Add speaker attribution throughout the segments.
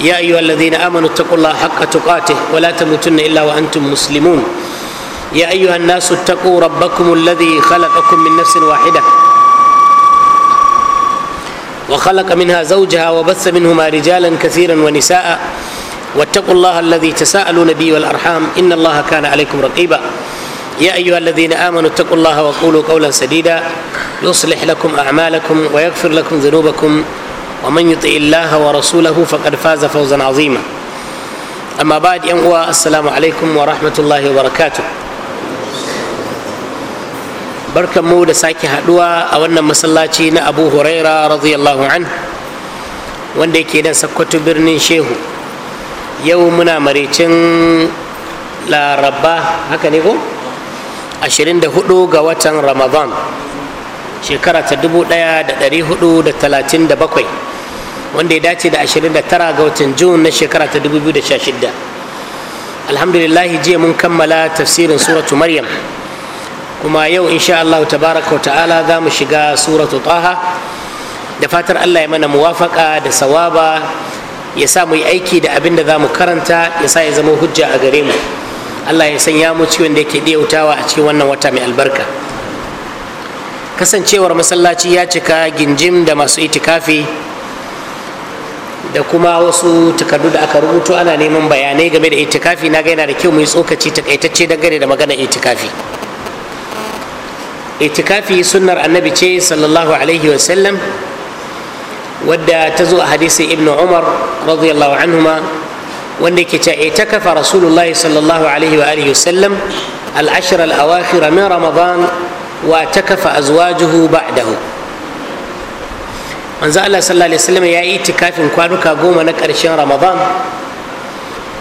Speaker 1: يا ايها الذين امنوا اتقوا الله حق تقاته ولا تموتن الا وانتم مسلمون يا ايها الناس اتقوا ربكم الذي خلقكم من نفس واحده وخلق منها زوجها وبث منهما رجالا كثيرا ونساء واتقوا الله الذي تساءلون به والارحام ان الله كان عليكم رقيبا يا ايها الذين امنوا اتقوا الله وقولوا قولا سديدا يصلح لكم اعمالكم ويغفر لكم ذنوبكم ومن يطع الله ورسوله فقد فاز فوزا عظيما أما بعد ينقوى السلام عليكم ورحمة الله وبركاته barkan mu da sake haduwa a wannan masallaci na abu huraira radiyallahu an wanda yake nan sakkwato birnin shehu yau muna maricin laraba haka ne ko 24 ga watan ramadan shekara ta 1437 wanda ya dace da 29 ga watan jun na shekara ta 2016 alhamdulillah jiya mun kammala tafsirin suratu maryam kuma yau insha Allah tabaraka wa ta'ala za mu shiga suratu taha da fatar Allah ya mana muwafaka da sawaba ya sa mu yi aiki da abin da za mu karanta ya sa ya zama hujja a gare mu Allah ya sanya mu ciwon da yake wutawa a cikin wannan wata mai albarka kasancewar masallaci ya cika ginjim da masu itikafi da kuma wasu takardu da aka rubuto ana neman bayanai game da itikafi na ga yana da kyau mu tsokaci takaitacce dangane da magana itikafi itikafi sunnar annabi ce sallallahu alaihi wasallam wadda ta zo a hadisin ibn umar radiyallahu anhuma wanda yake ce itakafa rasulullahi sallallahu alaihi wa alihi wasallam al-ashr al-awakhir min ramadan wa takafa azwajuhu ba'dahu manzo Allah sallallahu alaihi wasallam ya yi itikafin kwanuka goma na ƙarshen Ramadan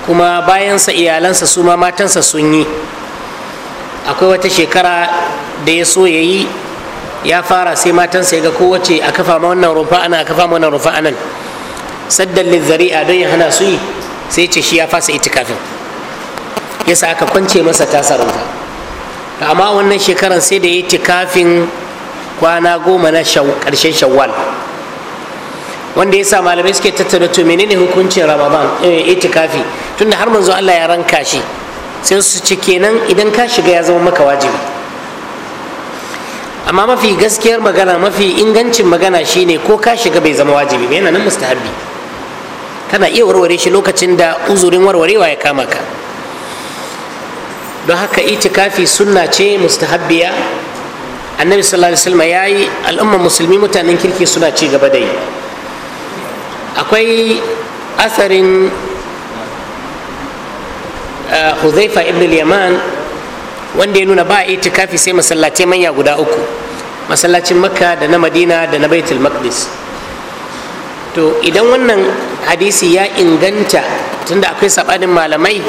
Speaker 1: kuma bayansa iyalansa su ma matansa sun yi akwai wata shekara da ya so ya yi ya fara sai matansa ya ga kowace a kafa ma wannan rufa ana a kafa ma wannan rufa anan saddan lizzari'a don ya hana su yi sai ce shi ya fasa itikafin yasa aka kwance masa tasa rufa amma wannan shekaran sai da ya itikafin kwana goma na karshen shawwal wanda ya sa malamai suke tattara to menene hukuncin ramadan eh, itikafi tunda har manzo Allah ya ranka shi sai su ci kenan idan ka shiga ya zama maka wajibi amma mafi gaskiyar magana mafi ingancin magana shine ko ka shiga bai zama wajibi ba yana nan mustahabi kana iya warware shi lokacin da uzurin warwarewa ya kama ka don haka itikafi sunna ce mustahabbiya annabi sallallahu alaihi wasallam yayi al'ummar musulmi mutanen kirki suna ci gaba da yi akwai asarin eh, huzaifa ibn yaman wanda ya nuna ba a itikafi sai masallatai manya guda uku masallacin makka da na madina da na baitul maqdis to idan wannan hadisi ya inganta tunda akwai sabanin malamai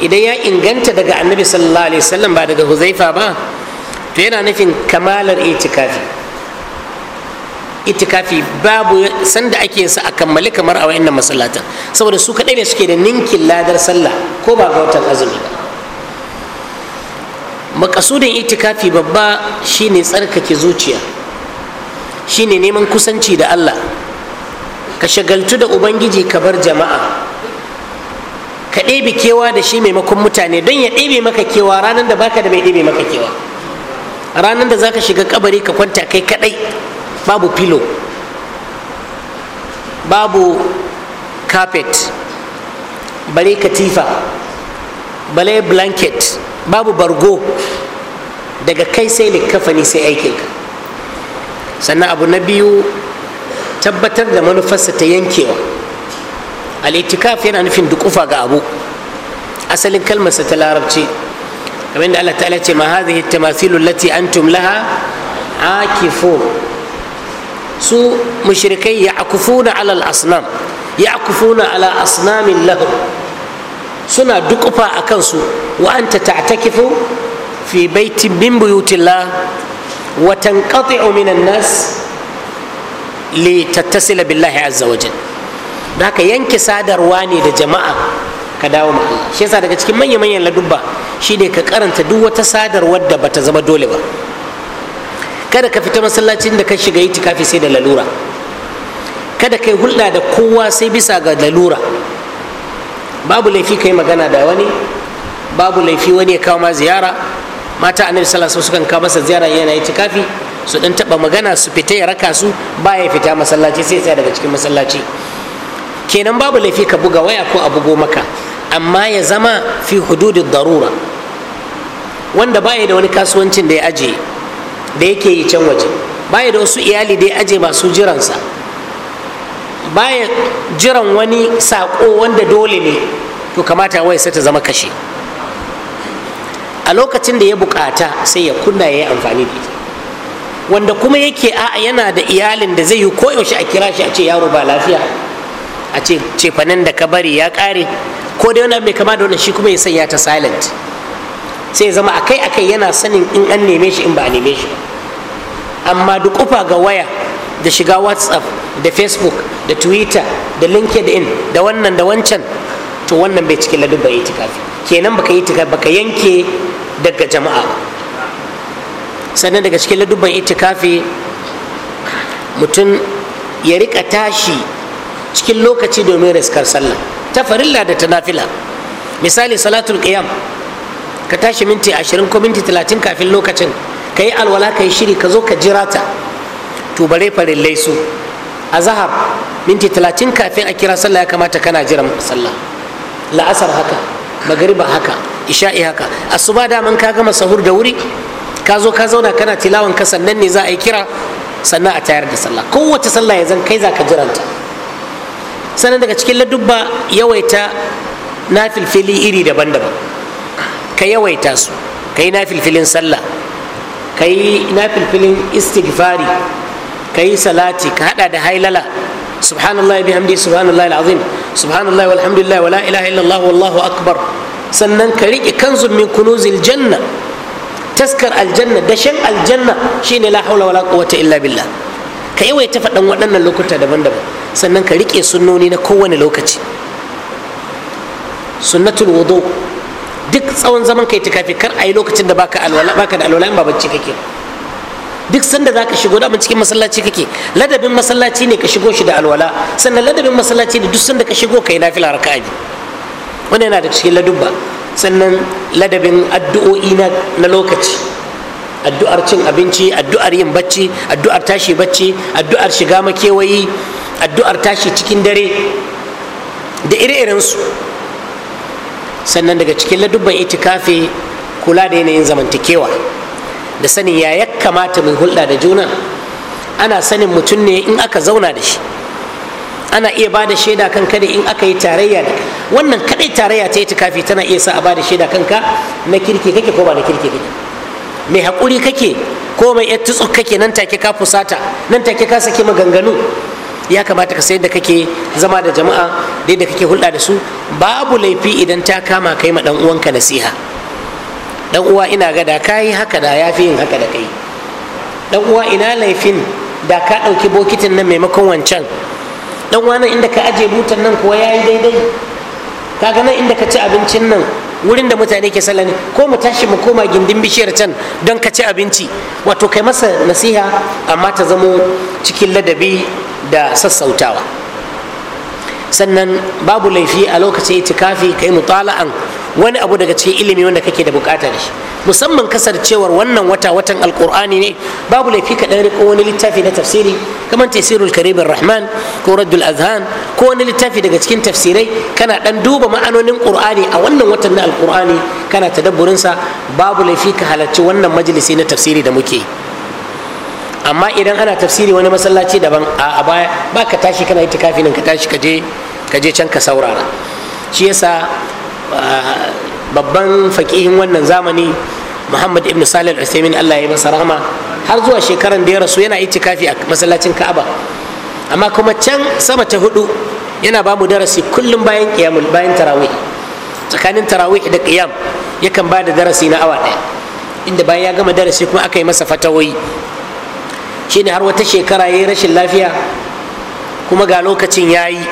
Speaker 1: idan ya inganta daga annabi sallallahu alaihi wasallam ba daga huzaifa ba to yana nufin kamalar itikafi itikafi babu sanda ake sa a kammali kamar a wayannan masallatan saboda su kadai ne suke da ninkin ladar sallah ko ba ga watan azumi ba makasudin itikafi babba shine tsarkake zuciya shine neman kusanci da Allah ka shagaltu da ubangiji ka bar jama'a ka ɗebe kewa da shi maimakon mutane don ya ɗebe maka kewa ranar da baka da mai ɗebe maka kewa ranar da za ka shiga kabari ka kwanta kai kaɗai. babu filo babu carpet bale katifa bale blanket babu bargo daga kai sai likafani sai aikinka sannan abu na biyu tabbatar da manufarsa ta yankewa al'itikaf yana nufin dukufa ga abu asalin kalmarsa ta larabci abinda allah ta'ala ce ma hadhihi tamathilu lati antum laha akifun su mushrikai ya akufuna alal asnam ya akufuna ala asnamin lahum suna dukufa a kansu wa anta ta'takifu fi baitin min buyutillah wa tanqati'u minan nas li tattasila billahi azza wajal da haka yanke sadarwa ne da jama'a ka dawo ma Allah shi yasa daga cikin manya manyan ladubba shine ka karanta duk wata sadarwar da bata zama dole ba kada ka fita masallacin da ka shiga itikafi sai da lalura kada kai hulɗa da kowa sai bisa ga lalura babu laifi kai magana da wani babu laifi wani ya kawo ma ziyara mata annabi sallallahu alaihi wasallam kawo masa ziyara yana tikafi su dan taba magana su fita ya raka su ba ya fita masallaci sai tsaya daga cikin masallaci kenan babu laifi ka buga waya ko a bugo maka amma ya zama fi hududin darura wanda baya da wani kasuwancin da ya ajiye da yake yi can waje baya da wasu iyali da ya aje masu jiransa baya jiran wani sako wanda dole ne to kamata wai sai ta zama kashe a lokacin da ya bukata sai ya kunna ya yi amfani da ita wanda kuma yake a'a yana da iyalin da zai yi koyaushe a kira shi a ce yaro ba lafiya a ce cefanen da ka bari ya kare ko dai wani mai kama da wannan shi kuma ya sanya ta silent sai zama akai akai yana sanin in an neme shi in ba a neme shi amma duk kufa ga waya da shiga whatsapp da facebook da twitter da linkedin da wannan da wancan to wannan bai cikin ladubban itikafi kenan baka yi baka yanke daga jama'a sannan daga cikin ladubban itikafi mutum ya rika tashi cikin lokaci domin raskar sallah ta farilla da ta nafila misali salatul qiyam ka tashi minti ashirin ko minti talatin kafin lokacin ka yi alwala ka yi shiri ka zo ka jira ta Tubare farin laisu a zahar minti talatin kafin a kira sallah ya kamata kana jiran sallah la'asar haka magariba haka isha'i haka asuba daman ka gama sahur da wuri ka zo ka zauna kana tilawan ka sannan ne za a yi kira sannan a tayar da sallah kowace sallah ya zan kai za ka jiranta sannan daga cikin ladubba yawaita na filfili iri daban-daban ka yawaita su ka yi nafilfilin sallah ka yi nafilfilin istighfari ka yi salati ka hada da hailala subhanallah bihamdi subhanallah alazim subhanallah walhamdulillah wala ilaha illallah wallahu akbar sannan ka rike kanzun min kunuzil janna taskar aljanna dashen aljanna shine la haula wala quwwata illa billah ka yawaita faɗan waɗannan lokuta daban-daban sannan ka rike sunnoni na kowane lokaci sunnatul wudu duk tsawon zaman kai tukafi kar a yi lokacin da baka alwala baka da alwala in ba bacci kake duk sanda za ka shigo da cikin masallaci kake ladabin masallaci ne ka shigo shi da alwala sannan ladabin masallaci ne duk sanda ka shigo kai nafila raka'a biyu wannan yana da cikin ladubba sannan ladabin addu'o'i na lokaci addu'ar cin abinci addu'ar yin bacci addu'ar tashi bacci addu'ar shiga makewayi addu'ar tashi cikin dare da ire-irensu sannan daga cikin ladubban itikafi kula da yanayin zamantakewa da sanin ya ya kamata mai hulɗa da juna ana sanin mutum ne in aka zauna da shi ana iya ba da shaida kanka da in aka yi tarayya da wannan kadai tarayya ta itikafi tana iya sa a ba da shaida kanka na kirki kake ko ba na kirki kake mai haƙuri kake ko mai yattu kake nan take ka fusata nan take ka saki maganganu ya kamata ka sayar da kake zama da jama'a dai da kake hulɗa da su babu laifi idan ta kama kai ma dan uwanka nasiha dan uwa ina ga da kayi haka da yafi yin haka da kai dan uwa ina laifin da ka ɗauki bokitin nan maimakon wancan dan uwa nan inda ka aje butan nan kuwa yayi daidai kaga nan inda ka ci abincin nan wurin da mutane ke sallah ne ko mu tashi mu koma gindin bishiyar can don ka ci abinci wato kai masa nasiha amma ta zamo cikin ladabi da sassautawa sannan babu laifi a lokacin itikafi kai mutala'an wani abu daga cikin ilimi wanda kake da bukata da shi musamman cewar wannan wata watan alkur'ani ne babu laifi ka dan riko wani littafi na tafsiri kamar tafsirul karibin rahman ko raddul azhan ko wani littafi daga cikin tafsirai kana ɗan duba ma'anonin Ƙur'ani a wannan watan na alkur'ani kana tadabburin sa babu laifi ka halarci wannan majalisi na tafsiri da muke amma idan ana tafsiri wani masallaci daban a baya baka tashi kana yi tikafi nan ka tashi ka je ka can ka saurara shi yasa ah, babban faƙihin wannan zamani muhammad ibn salih al-usaimin allah ya masa rahama har zuwa shekaran da ya rasu yana itikafi a masallacin ka'aba amma kuma can sama ta hudu yana ba mu darasi kullum bayan qiyamul bayan tarawih tsakanin tarawih da qiyam yakan ba da darasi na awa ɗaya inda bayan ya gama darasi kuma aka yi masa fatawoyi shine har wata shekara ya yi rashin lafiya kuma ga lokacin ya yi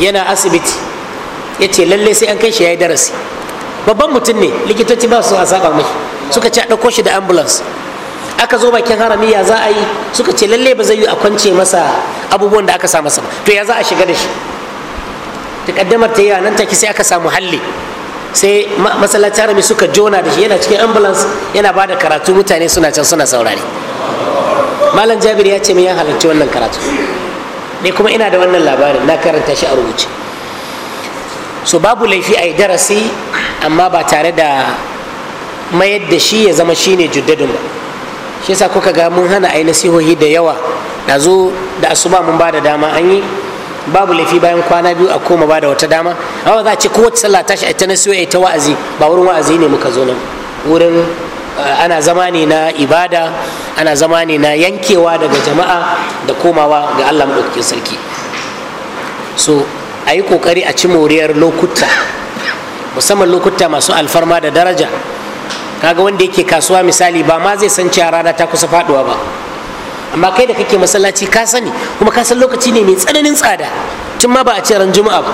Speaker 1: yana asibiti ya ce lallai sai an kai shi ya yi darasi babban mutum ne likitoci ba su a saba mai suka ce a ɗauko shi da ambulance aka zo bakin harami ya za a yi suka ce lallai ba zai yi a kwance masa abubuwan da aka sa masa to ya za a shiga da shi takaddamar ta yi nan take sai aka samu halli sai masallaci harami suka jona da shi yana cikin ambulance yana ba da karatu mutane suna can suna saurari malam jabir ya ce min ya halarci wannan karatu ne kuma ina da wannan labarin na karanta shi a rubuce so babu laifi a yi darasi amma ba tare da mayar da shi ya zama shine juddadin ba shi yasa kuka ga mun hana yi nasihohi da yawa da zo da asuba mun ba da dama an yi babu laifi bayan kwana biyu a koma ba da wata dama amma za a ce kowace sallah tashi a ta ta wa'azi ba wurin wa'azi ne muka zo nan wurin eh, ana zama ne na ibada ana zama ne na yankewa daga jama'a da komawa ga allah maɗaukakin sarki so a yi kokari a ci moriyar lokuta musamman lokuta masu alfarma da daraja kaga wanda yake kasuwa misali ba ma zai san cewa rana ta kusa faduwa ba amma kai da kake masallaci ka sani kuma ka san lokaci ne mai tsananin tsada tun ma ba a ce ran juma'a ba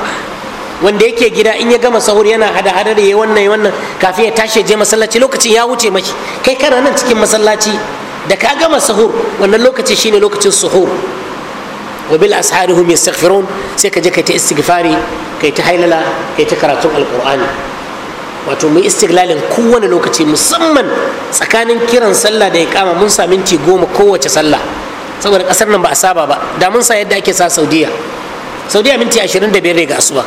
Speaker 1: wanda yake gida in ya gama sahur yana hada hada da yayi wannan wannan kafin ya tashi je masallaci lokacin ya wuce maki kai kana nan cikin masallaci da ka gama sahur wannan lokaci shine lokacin suhur wa bil ashari hum yastaghfirun sai ka je kai ta istikfari kai ta hailala kai ta karatun alqur'ani wato mu istiglalin kowane lokaci musamman tsakanin kiran sallah da kama mun sa minti goma kowace sallah saboda kasar nan ba a saba ba da mun sa yadda ake sa saudiya saudiya minti 25 ne ga asuba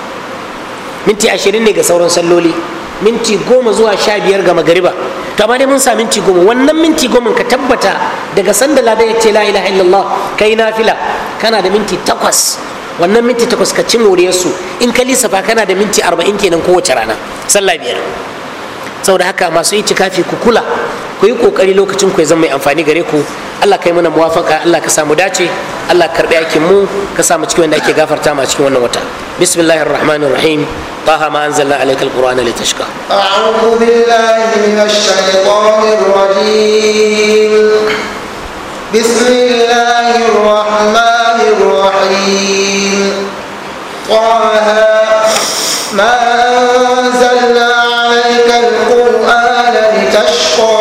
Speaker 1: minti 20 ne ga sauran salloli minti goma zuwa sha biyar ga magariba to amma mun sa minti goma wannan minti goma ka tabbata daga sanda lada ya ce la ilaha illallah kai nafila kana da minti takwas wannan minti takwas ka ci moriyarsu in ka lissafa kana da minti arba'in kenan kowace rana sallah biyar saboda haka masu itikafi ku kula ku yi kokari lokacin ku ya zama mai amfani gare ku Allah kai mana muwafaka Allah ka samu dace Allah ka karbi aikin mu ka samu cikin wanda ake gafarta ma cikin wannan wata bismillahir rahmanir rahim طه ما أنزلنا عليك القرآن لتشقى
Speaker 2: أعوذ بالله من الشيطان الرجيم بسم الله الرحمن الرحيم طه ما أنزلنا عليك القرآن لتشقى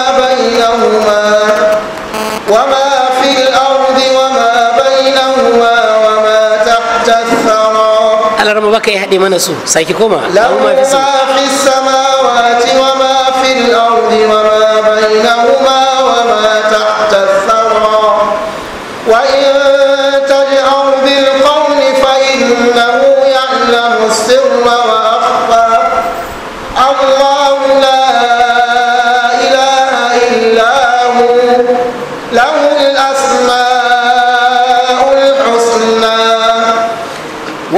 Speaker 2: بينهما وما في الأرض وما بينهما وما
Speaker 1: تحت الثرى على رب بك يهدي من سو سايكي كوما ما
Speaker 2: في السماوات وما في الأرض وما بينهما وما تحت الثرى وإن تجأر بالقول فإنه يعلم السر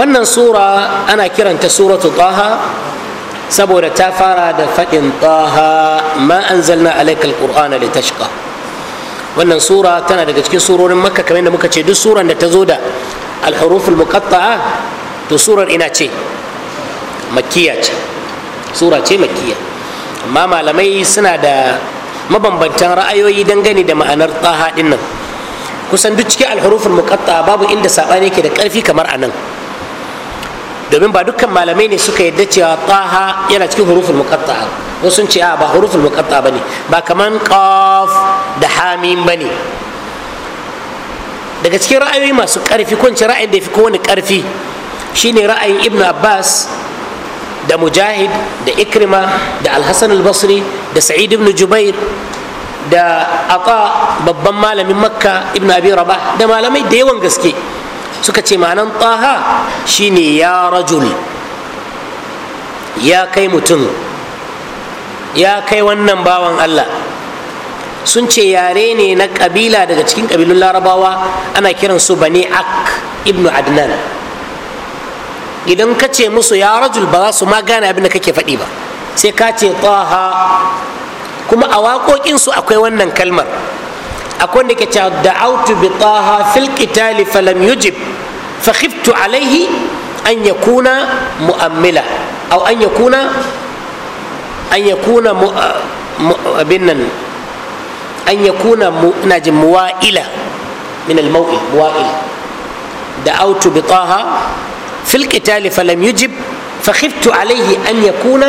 Speaker 1: wannan sura ana kiranta suratu taha saboda ta fara da faɗin taha ma anzalna ƙur'ana alqur'ana litashqa wannan sura tana daga cikin surorin makka kamar yadda muka ce duk suran da ta zo da alhuruf almuqatta'a to surar ina ce makkiya ce sura ce makkiya amma malamai suna da mabambantan ra'ayoyi dangane da ma'anar taha dinnan kusan duk cikin alhurufin muqatta babu inda sabani yake da karfi kamar anan domin ba dukkan malamai ne suka yadda cewa taha yana cikin huruful muqatta'a wasu sun ce a ba huruful muqatta'a bane ba kaman qaf da hamim bane daga cikin ra'ayoyi masu karfi ko ra'ayin da fi kowane karfi shine ra'ayin ibn abbas da mujahid da ikrima da alhassan basri da sa'id ibn jubair da Aqa babban malamin makka ibn abi rabah da malamai da yawan gaske suka ce ma'anan taha shine ya rajul ya kai mutum ya kai wannan bawan allah sun ce yare ne na kabila daga cikin kabilun larabawa ana kiransu bani ak ibnu adnan idan ka ce musu ya rajul ba za su ma gane abin da kake faɗi ba sai ka ce taha kuma a waƙoƙinsu akwai wannan kalmar akwai da ke da da'autu bi taha fil qitali falam yujib فخفت عليه أن يكون مؤملا أو أن يكون أن يكون بنا أن يكون نجم موائلة من الموئل موائل دعوت بطه في القتال فلم يجب فخفت عليه أن يكون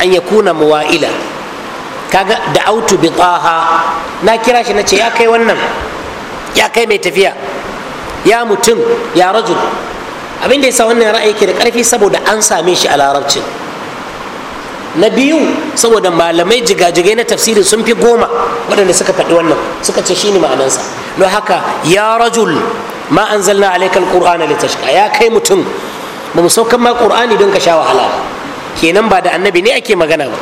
Speaker 1: أن يكون موائلا kaga da autu bi taha na kira shi na ce ya kai wannan ya kai mai tafiya ya mutum ya rajul abin da ya sa wannan ra'ayi ke da ƙarfi saboda an same shi a larabcin na biyu saboda malamai jigajigai na tafsiri sun fi goma waɗanda suka faɗi wannan suka ce shine ma'anansa don haka ya rajul ma anzalna alaikal qur'ana litashqa ya kai mutum ba mu saukan ma qur'ani don ka sha wahala kenan ba da annabi ne ake magana ba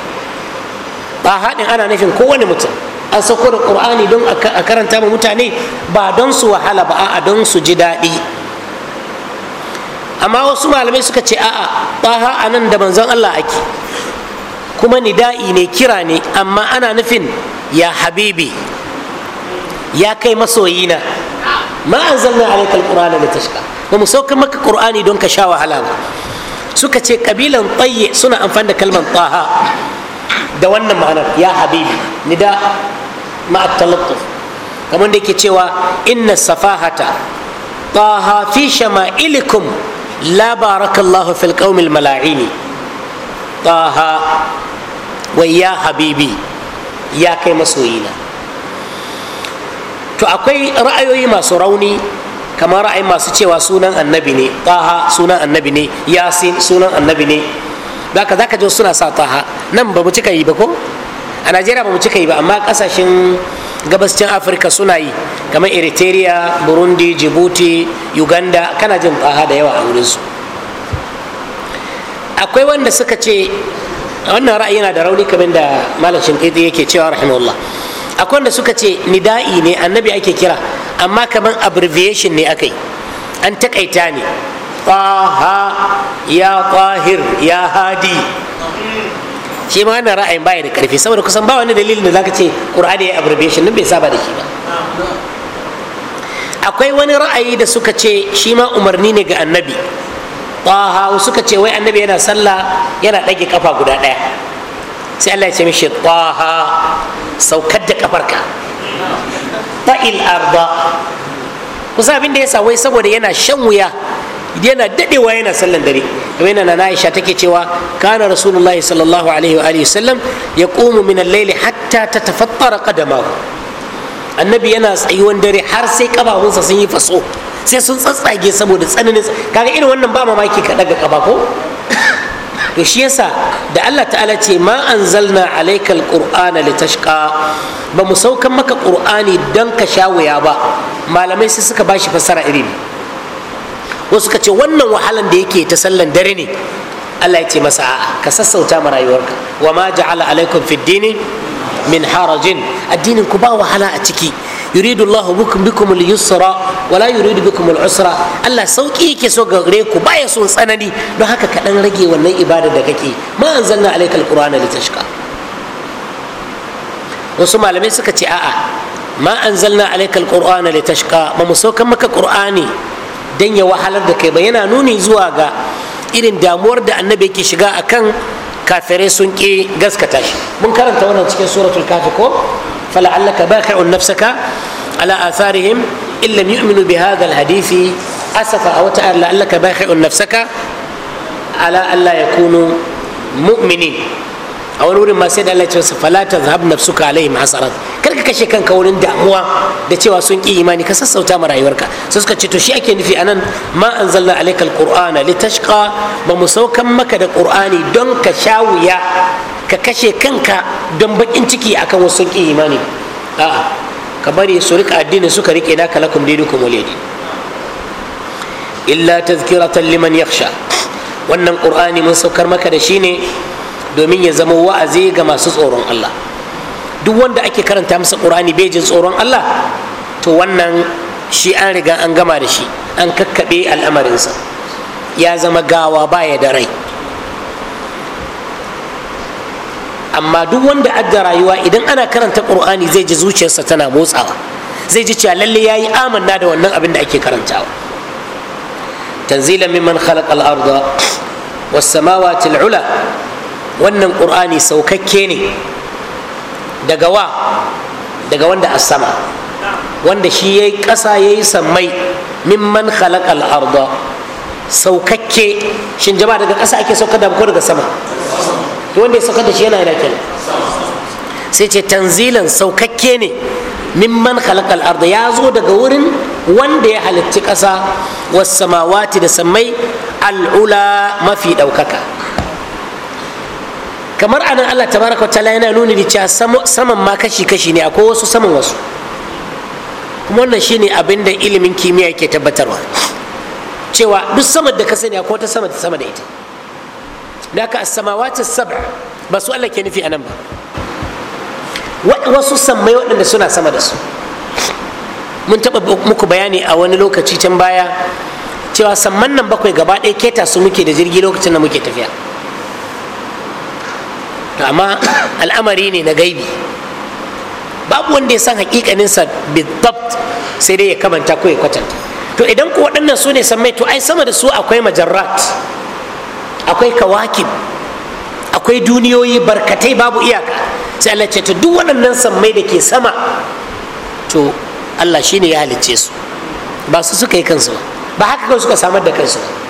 Speaker 1: ba haɗin ana nufin kowane mutum an sauko da qur'ani don a karanta ma mutane ba don su wahala ba a don su ji daɗi amma wasu malamai suka ce a'a taha nan da manzon Allah ake kuma nida'i ne kira ne amma ana nufin ya habibi ya kai masoyi masoyina ma anzalna alayka alqur'ana tashka? ba mu sauka maka qur'ani don ka sha wahala ba suka ce kabilan tayye suna amfani da kalmar taha da wannan ma'anar ya habibi nida ma'a talattuf kamar da yake cewa inna safahata taha fi shama'ilikum la barakallahu fil mala'ini taha wa ya habibi ya kai masoyina to akwai ra'ayoyi masu rauni kamar ra'ayi masu cewa sunan annabi ne taha sunan annabi ne yasin sunan annabi ne ka zaka ji suna sa taha nan ba mu cika yi ba ko a najeriya ba mu cika yi ba amma kasashen gabascin afirka suna yi kamar eritrea burundi djibouti uganda kana jin tsaha da yawa a wurinsu akwai wanda suka ce wannan ra'ayi yana da rauni kamar da malam shinkaiti yake cewa rahimahullah akwai wanda suka ce nida'i ne annabi ake kira amma kamar abbreviation ne aka yi an takaita ne taha ya ya hadi shi ma wannan ra'ayin baya da karfi saboda kusan ba wani dalilin da zaka ce qur'ani ya abrogation nan bai saba da shi ba akwai wani ra'ayi da suka ce shi ma umarni ne ga annabi taha suka ce wai annabi yana sallah yana ɗage kafa guda ɗaya sai Allah ya ce mishi taha saukar da kafarka ta'il arda kusa abin da ya sa wai saboda yana shan wuya yana dadewa yana sallan dare kamar yana na Aisha take cewa kana rasulullahi sallallahu alaihi wa alihi sallam yaqumu min al-layli hatta tatafattara qadamahu annabi yana tsayuwan dare har sai kafafunsa sun yi faso sai sun tsatsage saboda tsananin kaga irin wannan ba mamaki ka daga kaba ko to shi yasa da Allah ta'ala ce ma anzalna alayka alqur'ana litashqa ba mu saukan maka qur'ani dan ka shawaya ba malamai sai suka bashi fasara irin. wasu ka ce wannan wahalan da yake ta sallan dare ne Allah ya ce masa a'a ka sassauta ma rayuwarka wa ma ja'ala alaikum fid dini min harajin addinin ku ba wahala a ciki yuridu Allahu bikum bikum al-yusra wa la yuridu bikum al-usra Allah sauki yake so gare ku baya so tsanani don haka ka dan rage wannan ibada da kake ma anzalna alaikal qur'ana litashqa wasu malamai suka ce a'a ma anzalna alaikal qur'ana litashqa ba mu sauka maka qur'ani dan ya wahalar da kai ba yana nuni zuwa ga irin damuwar da annabi yake shiga akan kafirai sun ƙi gaskata shi mun karanta wannan cikin suratul kafi ko fala'allaka baqi'un nafsaka ala atharihim in lam yu'minu bi hadha alhadisi asafa aw ta'ala la'allaka baqi'un nafsaka ala alla yakunu mu'minin a wani wurin masu sai da Allah ya ce su fala tazhab nafsuka hasarat kar ka kashe kanka wurin damuwa da cewa sun ki imani ka sassauta ma rayuwarka sai suka ce to shi ake nufi anan ma anzalna alayka alqur'ana litashqa ba mu saukan maka da qur'ani don ka sha wuya ka kashe kanka don bakin ciki akan wasu sun ki imani a'a ka bari su rika addinin suka rike naka lakum dinukum waliyadi illa tazkiratan liman yakhsha wannan qur'ani mun saukar maka da shi ne domin ya zama wa'azi ga masu tsoron Allah duk wanda ake karanta masa ƙur'ani bai jin tsoron Allah to wannan shi an riga an gama da shi an kakkaɓe al'amarinsa ya zama gawa baya da rai amma duk wanda adda rayuwa idan ana karanta ƙur'ani zai ji zuciyarsa tana motsawa zai ji cewa lalle yayi amanna da wannan abin da ake karantawa Tanzila mimman khalaqa al-arda was samawati al-ula wannan ƙur'ani saukakke ne daga wa daga wanda a sama wanda shi ya yi ƙasa ya yi sammai mimman khalaqal arda saukakke shin jama'a daga ƙasa ake saukar da ko daga sama to wanda ya saukar da shi yana yana kenan sai ce tanzilan saukakke ne mimman khalaqal arda ya zo daga wurin wanda ya halitti ƙasa was samawati da sammai al'ula mafi ɗaukaka kamar anan Allah tabaraka wa ta'ala yana nuni da cewa saman ma kashi kashi ne akwai wasu saman wasu kuma wannan shine abin da ilimin kimiyya ke tabbatarwa cewa duk saman da ka sani akwai wata sama sama da ita da haka as-samawati sab ba su Allah ke nufi anan ba wasu sammai waɗanda suna sama da su mun taɓa muku bayani a wani lokaci can baya cewa samman nan bakwai gaba ɗaya keta su muke da jirgi lokacin da muke tafiya to amma al'amari ne na gaibi babu wanda ya san hakikaninsa bidabt sai dai ya kamanta ko ya kwatanta to idan ku waɗannan su ne mai to ai sama da su akwai majarrat akwai kawakib akwai duniyoyi barkatai babu iyaka sai Allah ce to duk waɗannan sammai da ke sama to Allah shine ya halicce su ba su suka yi kansu ba ba haka kawai suka samar da kansu ba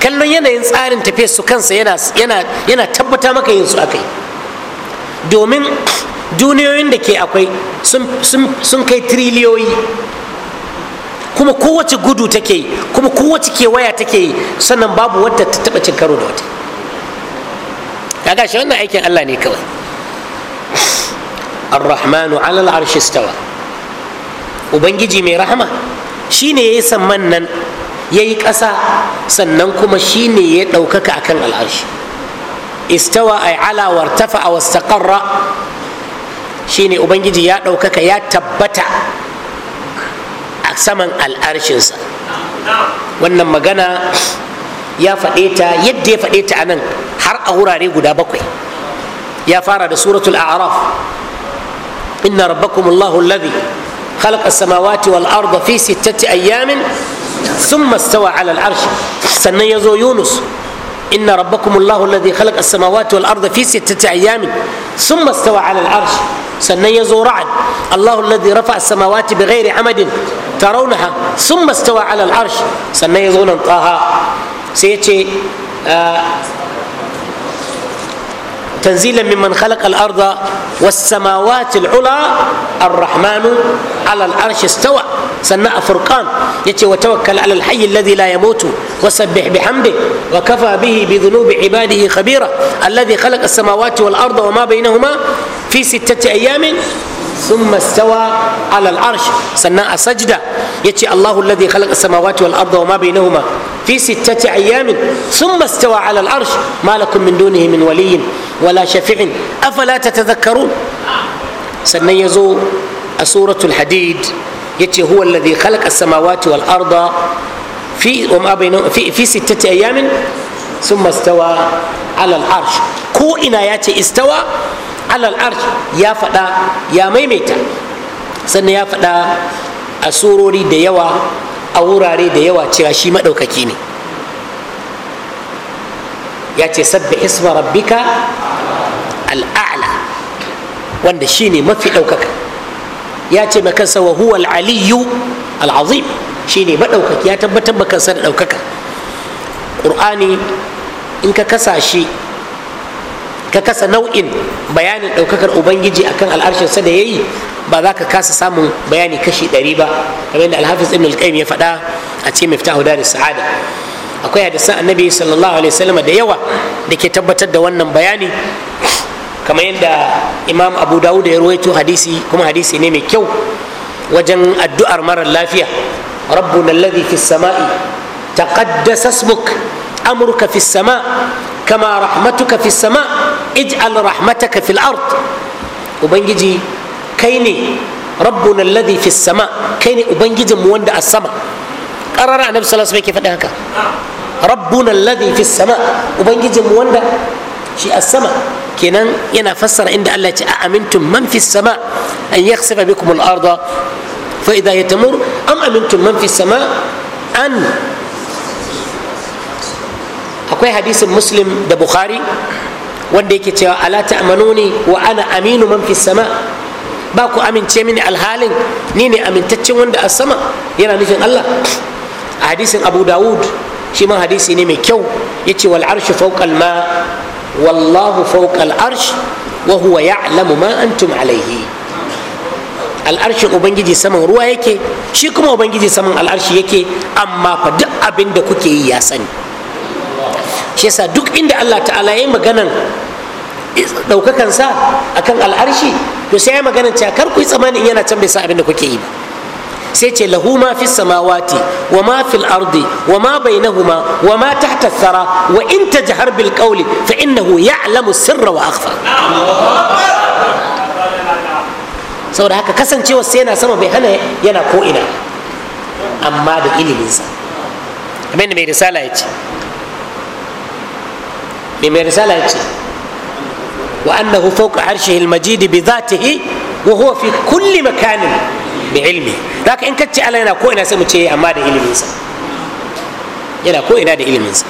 Speaker 1: kallon yanayin tsarin tafiyar su kansa yana tabbata maka yin su akai domin duniyoyin da ke akwai sun kai tiriliyoyi, kuma kowace gudu take yi kuma kowace kewaya take yi sannan babu wadda ta taba cin karo da wata kaga shi wannan aikin Allah ne kawai ar-rahmanu ala al-arshi stawa ubangiji mai rahama shine yayi samman nan ya yi ƙasa sannan kuma shi ne ya ɗaukaka a kan al'arshi istawa ay ala wartafa a wastaƙarra shi ne ubangiji ya ɗaukaka ya tabbata a saman al'arshinsa wannan magana ya faɗe ta yadda ya faɗe ta a nan har a wurare guda bakwai ya fara da suratul a'raf inna rabbakum allahu khalaqa as-samawati wal arda fi sittati ayyamin ثم استوى على العرش سنة يزو يونس إن ربكم الله الذي خلق السماوات والأرض في ستة أيام ثم استوى على العرش سنة يزو رعد الله الذي رفع السماوات بغير عمد ترونها ثم استوى على العرش سنة يزو طه سيتي آه تنزيلا ممن خلق الارض والسماوات العلى الرحمن على العرش استوى سناء فرقان يتي وتوكل على الحي الذي لا يموت وسبح بحمده وكفى به بذنوب عباده خبيرا الذي خلق السماوات والارض وما بينهما في سته ايام ثم استوى على العرش سناء سجدة يتي الله الذي خلق السماوات والأرض وما بينهما في ستة أيام ثم استوى على العرش ما لكم من دونه من ولي ولا شفيع أفلا تتذكرون سنيزو يزو سورة الحديد يتي هو الذي خلق السماوات والأرض في وما بينهما في, في ستة أيام ثم استوى على العرش كو إنا ياتي استوى alal arsh ya faɗa ya maimaita sannan ya faɗa a surori da yawa a wurare da yawa cewa shi maɗaukaki ne ya ce sabbi isma rabbika al'a'la wanda shi ne mafi ɗaukaka ya ce makansa wa huwa al'aliyu al'azim shi ne maɗaukaki ya tabbatar makansa da ɗaukaka ƙur'ani in ka kasa shi ka kasa nau'in bayanin ɗaukakar ubangiji akan al'arshinsa da ya yi ba za ka kasa samun bayani kashi ɗari ba kamar da alhafiz ibn al ya faɗa a cikin miftahu da sa'ada akwai hadisan annabi sallallahu alaihi wasallam da yawa da ke tabbatar da wannan bayani kamar yadda imam abu dawud ya ruwaito hadisi kuma hadisi ne mai kyau wajen addu'ar marar lafiya rabbuna alladhi fis sama'i taqaddasa ismuk amruka fis sama' kama rahmatuka fis sama' اجعل رحمتك في الارض وبنجي كيني ربنا الذي في السماء كيني وبنجي موند السماء قرر النبي صلى الله عليه وسلم كيف ذاك ربنا الذي في السماء وبنجي موند شيء السماء كينان ينا فسر عند الله امنتم من في السماء أن يخسف بكم الأرض فإذا هي تمر أم أمنتم من في السماء أن أكوي حديث مسلم ده بخاري wanda yake cewa ala ta'manuni wa ana aminu man fi sama ba ku amince mini alhalin ni ne amintaccen wanda a sama yana nufin Allah a hadisin Abu Dawud shi ma hadisi ne mai kyau yace wal arshu fawqa ma wallahu fawqa al arsh wa huwa ya'lamu ma antum alayhi al arshin ubangiji saman ruwa yake shi kuma ubangiji saman al arshi yake amma fa duk abin da kuke yi ya sani shi yasa duk inda Allah ta'ala ya yi maganan ɗaukakansa sa akan al'arshi to sai ya yi maganan cewa kar ku yi tsammanin yana can bai sa abin da kuke yi ba sai ce lahu ma fi samawati wa ma fil ardi wa ma bainahuma wa ma tahta thara wa in tajhar bil qawli fa innahu ya'lamu sirra wa akhfa saboda haka kasancewa sai yana sama bai hana yana ko ina amma da iliminsa kamar da mai risala ya ce mai mai risala ya ce wa annahu fawqa arshihi al-majid ta dhatihi wa huwa fi kulli makanin bi ilmi haka in kace Allah ina ko ina da ilimin sa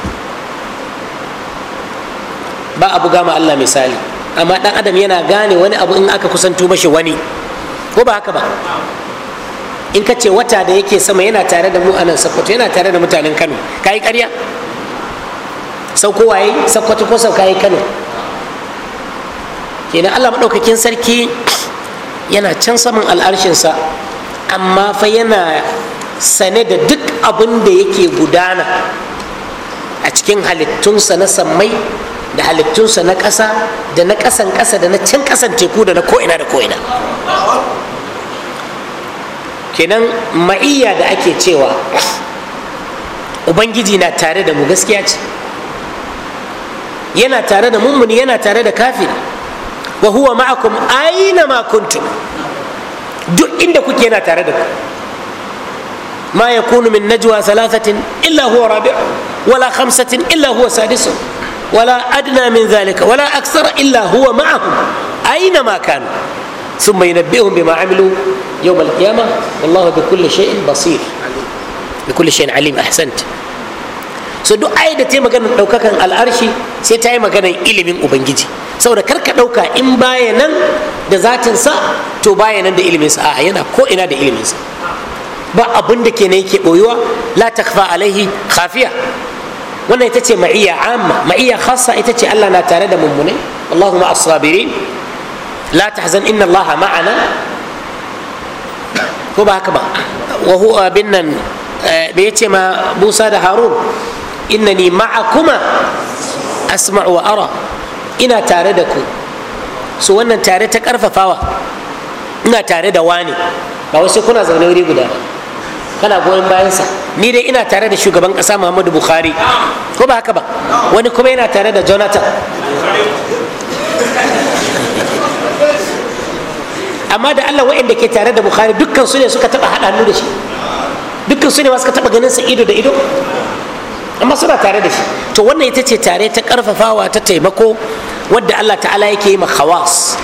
Speaker 1: ba abu gama Allah misali amma dan adam yana gane wani abu in aka kusanto mashi wani ko ba haka ba in ka ce wata da yake sama yana tare da mu a nan yana tare da mutanen kano ka yi karya sauko waye sakkwato ko sauka yi kano kenan allah maɗaukakin sarki yana can saman al'arshinsa amma fa yana sane da duk abin da yake gudana a cikin halittunsa na sammai da halittunsa na ƙasa da na ƙasan ƙasa da na can ƙasan teku da na ko'ina da ko'ina kenan ma'iyya da ake cewa ubangiji na tare da mu gaskiya ce ينا tare da ينا yana tare وهو معكم wa huwa ma'akum aina ma kuntum duk ما يكون من نجوى ثلاثة إلا هو رابع ولا خمسة إلا هو سادس ولا أدنى من ذلك ولا أكثر إلا هو معهم أينما كانوا ثم ينبئهم بما عملوا يوم القيامة والله بكل شيء بصير بكل شيء عليم أحسنت so duk ai da ta maganar ɗaukakan al'arshi sai ta yi maganar ilimin ubangiji saboda kar ka ɗauka in baya nan da zatinsa to baya nan da iliminsa a yana ko ina da iliminsa ba abin da kenan yake ɓoyuwa la takfa alaihi khafiya wannan ita ce ma'iya amma ma'iya khassa ita ce Allah na tare da mummunai. Allahumma as-sabirin la tahzan inna Allah ma'ana ko ba haka ba wa huwa binnan eh, ma Musa da Harun innani ma'akuma asma'u wa ara ina tare da ku su wannan tare ta karfafawa ina tare da wani ba wasu kuna zaune wuri guda kana goyon bayansa ni dai ina tare da shugaban kasa muhammadu Bukhari. ko ba haka ba wani kuma yana tare da jonathan amma da allah wa'inda ke tare da Bukhari dukkan su ne suka taɓa haɗa hannu da shi dukkan su ne ma suka taɓa ganin sa ido da ido amma suna tare da shi to wannan ita ce tare ta karfafawa ta taimako wadda Allah ta'ala yake yi khawas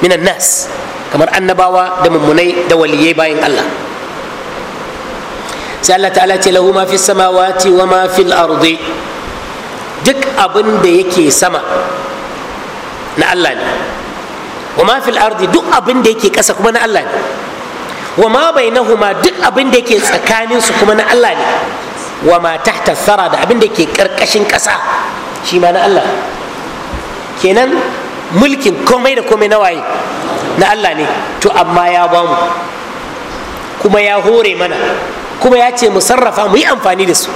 Speaker 1: minan nas kamar annabawa da mummunai da waliyai bayan Allah sai Allah ta'ala ce lahu ma fi samawati wa ma fil ardi duk abin da yake sama na Allah ne wa ma fil ardi duk abin da yake kasa kuma na Allah ne wa ma bainahuma duk abin da yake tsakanin su kuma na Allah ne wa ma tahta sara da abin da ke karkashin kasa shi ma na Allah kenan mulkin komai da komai na waye na Allah ne to amma ya bamu kuma ya hore mana kuma ya ce mu sarrafa mu yi amfani da su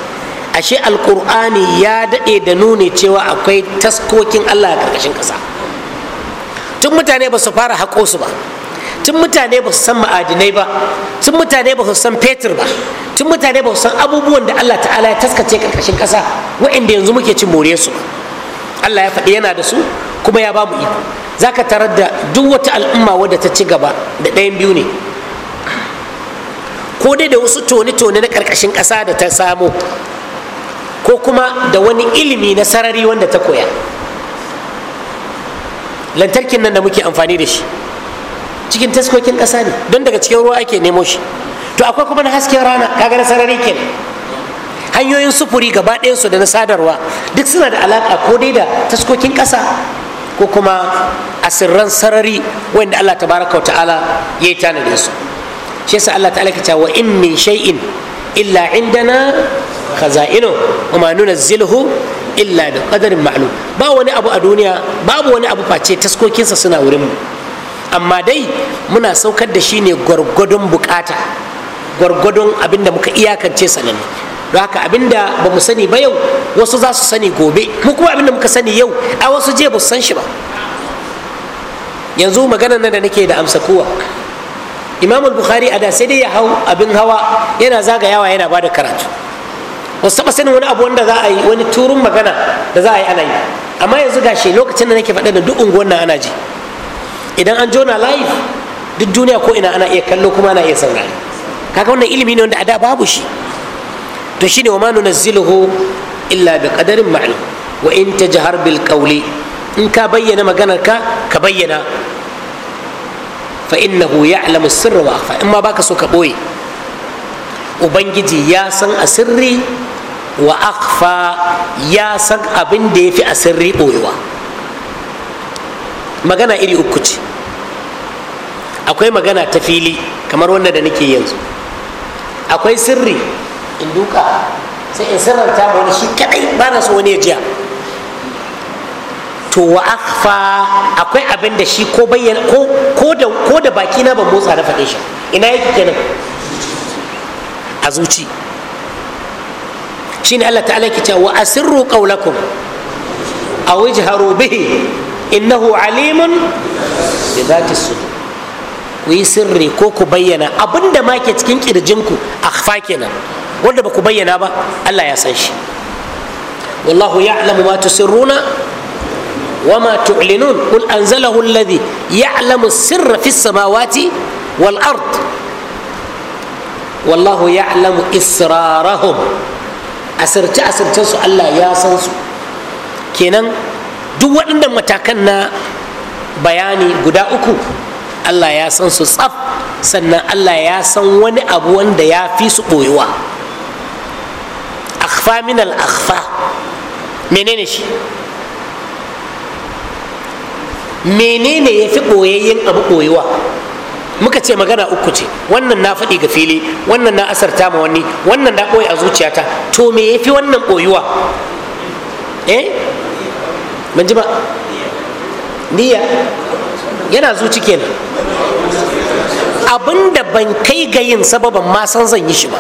Speaker 1: ashe alkur'ani ya daɗe da nuni cewa akwai taskokin allah a ƙarƙashin ƙasa tun mutane ba su fara haƙo su ba tun mutane ba su san ma'adinai ba tun mutane ba su san fetur ba tun mutane ba su san abubuwan da allah ta'ala ya taskace karkashin ƙasa wa'inda yanzu muke cin more su allah ya faɗi yana da su kuma ya ba mu iko za ka tarar da duk wata al'umma wadda ta ci gaba da ɗayan biyu ne ko dai da wasu tone-tone na karkashin ƙasa da ta samo ko kuma da wani ilimi na sarari wanda ta koya lantarkin nan da muke amfani da shi cikin taskokin ƙasa ne don daga cikin ruwa ake nemo shi to akwai kuma na hasken rana kaga na sarari ke hanyoyin sufuri gaba su da na sadarwa duk suna da alaƙa ko dai da taskokin ƙasa ko kuma asirran sarari wanda Allah tabaraka wa ta'ala ya yi tanade su shi yasa Allah ta'ala ke cewa in min shay'in illa indana khaza'inu wa ma nunazzilhu illa bi qadarin ma'lum ba wani abu a duniya babu wani abu face taskokinsa suna wurin mu amma dai muna saukar da shi ne gwargwadon bukata gwargwadon abinda muka iyakance sananne don haka abinda ba mu sani ba yau wasu za su sani gobe mu kuma abinda muka sani yau a wasu je ba su san shi ba yanzu magana na da nake da amsa kowa imam bukhari a da sai dai ya hau abin hawa yana zagayawa yana ba da karatu wasu taba sanin wani abu wanda za a yi wani turun magana da za a yi ana yi amma yanzu gashi lokacin da nake faɗa da duk unguwan nan ana ji idan an jona live duk duniya ko ina ana iya kallo kuma ana iya saurari kaga wannan ilimi ne wanda a da babu shi to shine wa ma nunazziluhu illa bi qadarin ma'lum wa in tajhar bil qawli in ka bayyana maganar ka bayyana fa innahu ya'lamu sirra wa akhfa in ma baka so ka boye ubangiji ya san asirri wa akhfa ya san abin da yafi asirri boyewa magana iri uku ce akwai magana ta fili kamar wanda da nake yanzu akwai sirri in duka sai in sirranta ma wani shi kadai ba na so wani ya jiya to wa akfa akwai abin da shi ko bayyana ko da baki na ban motsa na fade shi ina yake kenan a zuci shine Allah ta'ala ke cewa wa asirru qawlakum aw ijharu bihi innahu alimun bi dhati sudur ku yi sirri ko ku bayyana abinda ma ke cikin kirjinku akhfa kenan wanda ba ku bayyana ba Allah ya san shi wallahu ya'lamu ma tusirruna wa ma tu'linun qul anzalahu alladhi ya'lamu sirra fis samawati wal ard wallahu ya'lamu israrahum asirce asircen su Allah ya san su kenan duk waɗannan matakan na bayani guda uku allah ya san su tsaf sannan allah ya san wani abu wanda ya fi su ɓoyuwa akhfa min al akhfa menene shi menene ya fi ɓoyayyen abu ɓoyuwa muka ce magana uku ce wannan na faɗi ga fili wannan na asarta ma wani wannan na ɓoye a zuciyata to me ya fi wannan ɓoyuwa eh ban ji ba niyya yana zuci kenan abin da ban kai ga yin sababan ma san zan yi shi ba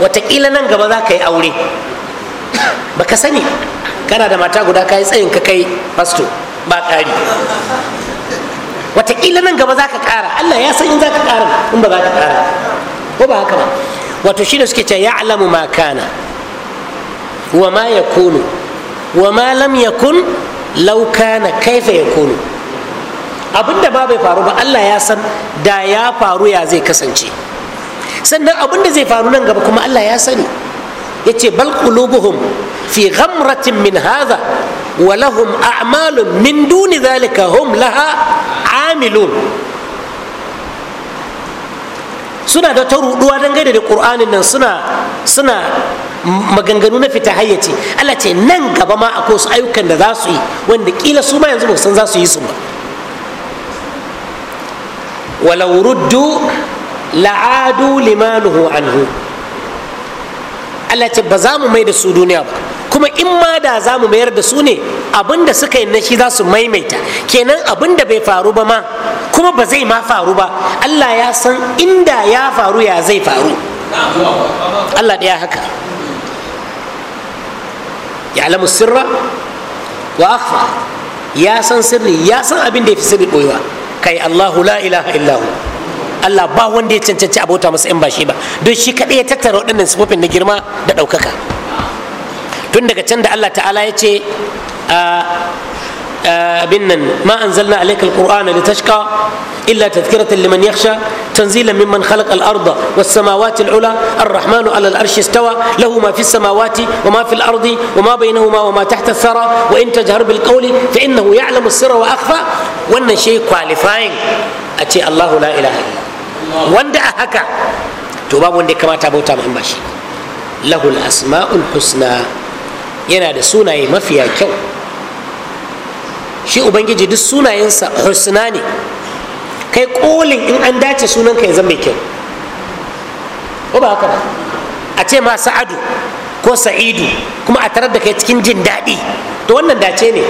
Speaker 1: watakila nan gaba za ka yi aure ba ka sani kana da mata guda ka yi tsayin ka kai fasto ba ƙari watakila nan gaba za ka ƙara allah ya san in za ka ƙara in ba za ka ƙara ko ba haka ba wato shi da suke ce ya alamu ma kana wa ma yakunu wa ma lam yakun law kana abin da ba bai faru ba Allah ya san da ya faru ya zai kasance sannan abin da zai faru nan gaba kuma Allah ya sani ya ce bal qulubuhum fi ghamratin min hadha wa lahum a'malun min duni zalika hum laha amilun suna da ta don dangane da ƙur'anin nan suna suna maganganu na fita hayyace Allah ce nan gaba ma akwai su ayyukan da za su yi wanda kila su ma yanzu ba san za su yi su ba walau ruddu la'adu limanuhu anhu Allah ce ba za mu mai da su duniya ba kuma in ma da za mu mayar da su ne abin da suka yi na shi za su maimaita kenan abin da bai faru ba ma kuma ba zai ma faru ba allah ya san inda ya faru ya zai faru allah ɗaya haka ya alamu sirra wa akhfa ya san sirri ya san abin da ya fi sirri Ka kai allahu la ilaha illahu allah ba wanda ya cancanci abota masa in ba shi ba don shi kaɗai ya tattara waɗannan sifofin na girma da ɗaukaka tun daga can da allah ta'ala ya ce ah, آه، بنن ما أنزلنا عليك القرآن لتشقى إلا تذكرة لمن يخشى تنزيلا ممن خلق الأرض والسماوات العلى الرحمن على الأرش استوى له ما في السماوات وما في الأرض وما بينهما وما تحت الثرى وإن تجهر بالقول فإنه يعلم السر وأخفى وأن شيء كواليفاين أتي الله لا إله إلا وان a haka to babu wanda ya kamata bauta ma in ba shi lahul shi ubangiji duk sunayensa husna ne kai kolin in an dace sunanka ya zama mai kyau ko ba haka ba a ce ma sa'adu ko sa'idu kuma a tarar da kai cikin jin daɗi to wannan dace ne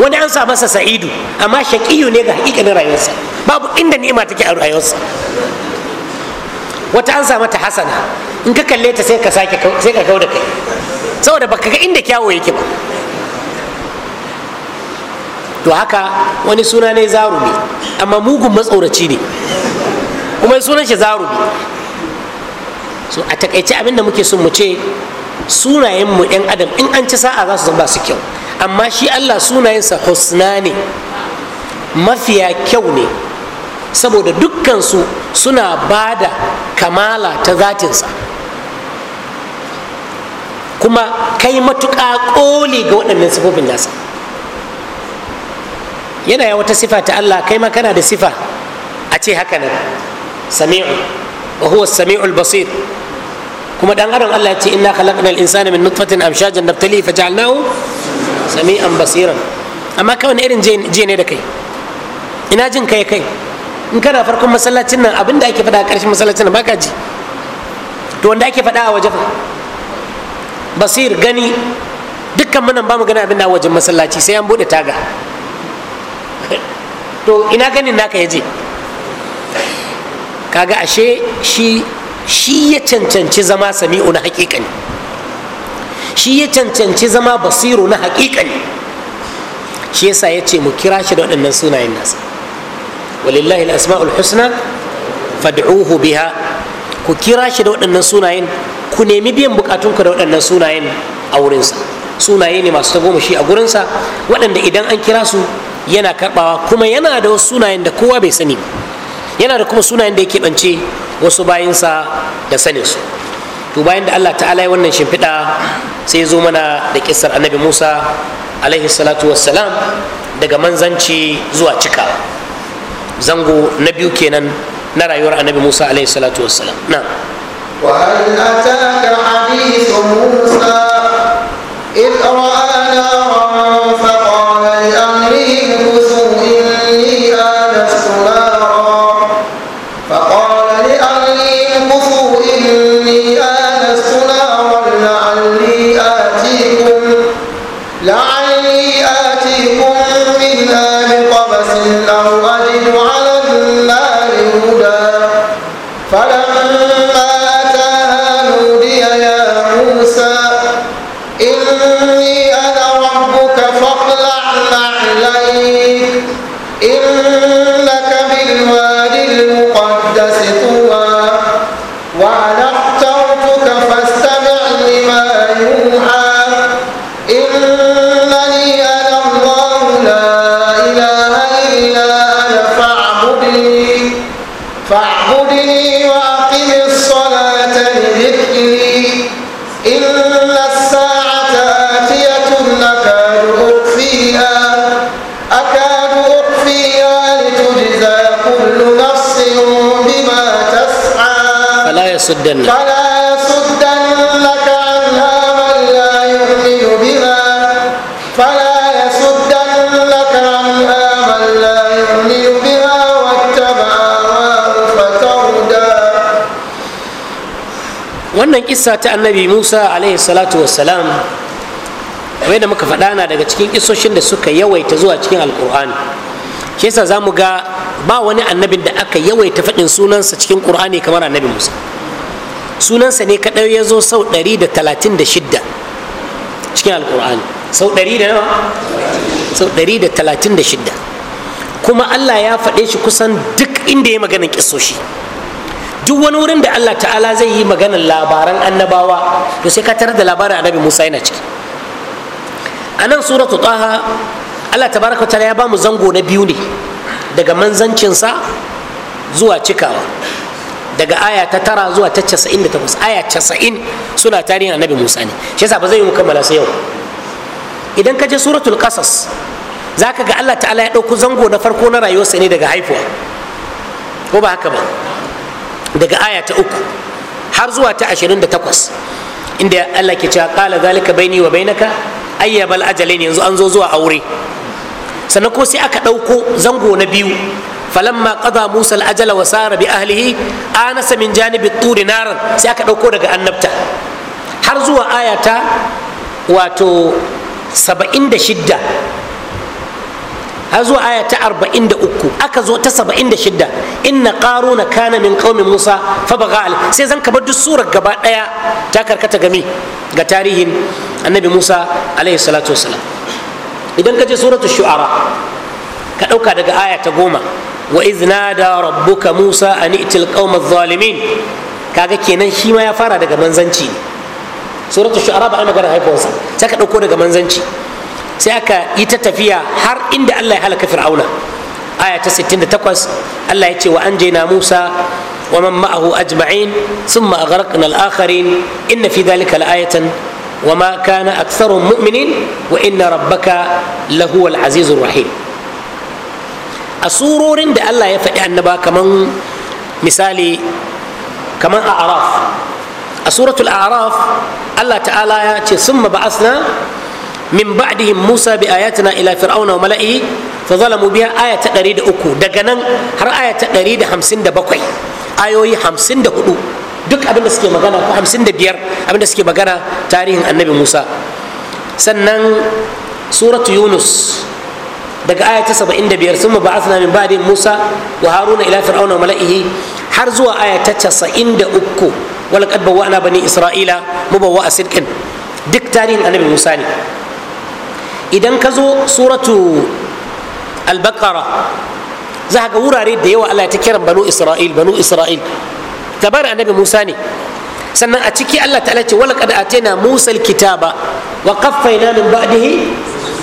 Speaker 1: wani an sa masa sa'idu amma shaƙiyu ne ga hakikanin rayuwarsa babu inda ni'ima take a rayuwarsa wata an sa mata hasana in ka kalle ta sai ka sake sai ka kau da kai saboda baka ga inda kyawo yake ba to haka wani suna ne zarumi amma mugun matsoraci ne kuma sunan shi zarumi so a takaice abin da muke son mu ce sunayen mu yan adam in an ci sa'a za su zama su kyau amma shi Allah sunayensa husna ne mafiya kyau ne saboda dukkansu suna bada kamala ta zatinsa kuma kai matuƙa ƙoli ga waɗannan sifofin nasa yana ya wata sifa ta Allah kai ma kana da sifa a ce haka nan sami'u wa huwa sami'ul basir kuma dan adam Allah ya ce inna khalaqnal insana min nutfatin amshajan nabtali faj'alnahu sami'an basiran amma kai wani irin je ne da kai ina jin kai kai in kana farkon masallacin nan abinda ake faɗa a ƙarshen masallacin nan baka ji to wanda ake faɗa a waje fa basir gani dukkan munan ba mu gani abinda a wajen masallaci sai an buɗe taga to ina ganin naka yaje kaga ashe shi shi ya cancanci zama sami'u na haƙiƙa shi ya cancanci zama basiru na haƙiƙa ne shi yasa ya ce mu kira shi da waɗannan sunayen nasa walillahi asmaul husna fad'uhu biha ku kira shi da waɗannan sunayen ku nemi biyan bukatunku da waɗannan sunayen a wurinsa sunaye ne masu tagomashi a gurinsa waɗanda idan an kira su yana karbawa kuma yana da wasu sunayen da kowa bai sani ba yana da kuma sunayen da yake bance wasu bayansa da sanin su to bayan da Allah ta'ala ya wannan shimfiɗa sai zo mana da kissar annabi Musa alaihi salatu wassalam daga manzanci zuwa cika. zango na biyu kenan na rayuwar annabi Musa alaihi salatu wassalam na يصدن فلا
Speaker 2: يصدنك عنها من لا يؤمن بها فلا يصدنك عنها من لا يؤمن بها واتبع
Speaker 1: فتردى wannan kissa ta annabi musa alaihi salatu wassalam kamar da muka faɗa na daga cikin kisoshin da suka yawaita zuwa cikin alkur'ani shi za mu ga ba wani annabin da aka yawaita faɗin sunansa cikin ƙur'ani kamar annabi musa sunansa ne kaɗai ya zo sau 136 cikin alkur'ani sau 100 da nawa sau 136 kuma allah ya faɗe shi kusan duk inda ya maganin kisoshi duk wani wurin da allah ta'ala zai yi maganar labaran annabawa to sai ka tarar da labarin annabi musa yana ciki a nan suratu taha allah tabaraka ta'ala ya ba mu zango na biyu ne daga manzancinsa zuwa cikawa daga aya ta tara zuwa ta casa'in da takwas aya casa'in suna tarihin annabi musa ne shi yasa ba zai yi mu kammala su yau idan ka je suratul qasas zaka ga Allah ta'ala ya ɗauko zango na farko na rayuwarsa ne daga haifuwa ko ba haka ba daga aya ta uku har zuwa ta ashirin da takwas inda Allah ke cewa qala zalika baini wa bainaka ayyabal ajalain yanzu an zo zuwa aure sannan ko sai aka ɗauko zango na biyu falamma qada musa al-ajala wa sara bi ahlihi anasa min janibi turi naran sai aka dauko daga annabta har zuwa ayata wato 76 har zuwa aya ta 43 aka zo ta 76 inna qaruna kana min qaumi musa fa baga sai zan kamar duk surar gaba daya ta karkata gami ga tarihin annabi musa alaihi salatu wasalam idan ka je suratul shu'ara ka dauka daga aya ta goma wa iznada rabbuka musa an itil qaumaz zalimin kaga kenan shi ma ya fara daga manzanci suratul shu'ara ba ai magana haifuwarsa sai ka dauko daga manzanci sai aka yi ta tafiya har inda Allah ya halaka fir'auna sittin ta 68 Allah ya ce wa anjayna Musa wa man ma'ahu ajma'in thumma aghraqna al-akharin inna fi dhalika la'ayatan wa ma kana aktharuhum mu'minin wa inna rabbaka lahuwal azizur rahim a surorin da Allah ya faɗi annaba kaman misali kaman a araf a suratul araf Allah ta'ala ya ce summa ba'asna min ba'dihim Musa bi ayatina ila fir'auna wa mala'i fa zalamu biha aya ta 103 daga nan har aya ta 157 ayoyi 54 duk abin da suke magana ko 55 abin da suke magana tarihin annabi Musa sannan suratu Yunus daga aya ta 75 sun ba'athna min ba'di Musa wa Haruna ila fir'auna wa mala'ihi har zuwa aya ta 93 wal qad bawwa'na bani Isra'ila mu mubawwa'a sidqin duk tarihin annabi Musa ne idan ka zo suratu albakara za ka ga wurare da yawa Allah ta kiran banu Isra'il banu Isra'il labarin annabi Musa ne sannan a ciki Allah ta'ala ce wal qad atayna Musa al-kitaba wa qaffayna min ba'dihi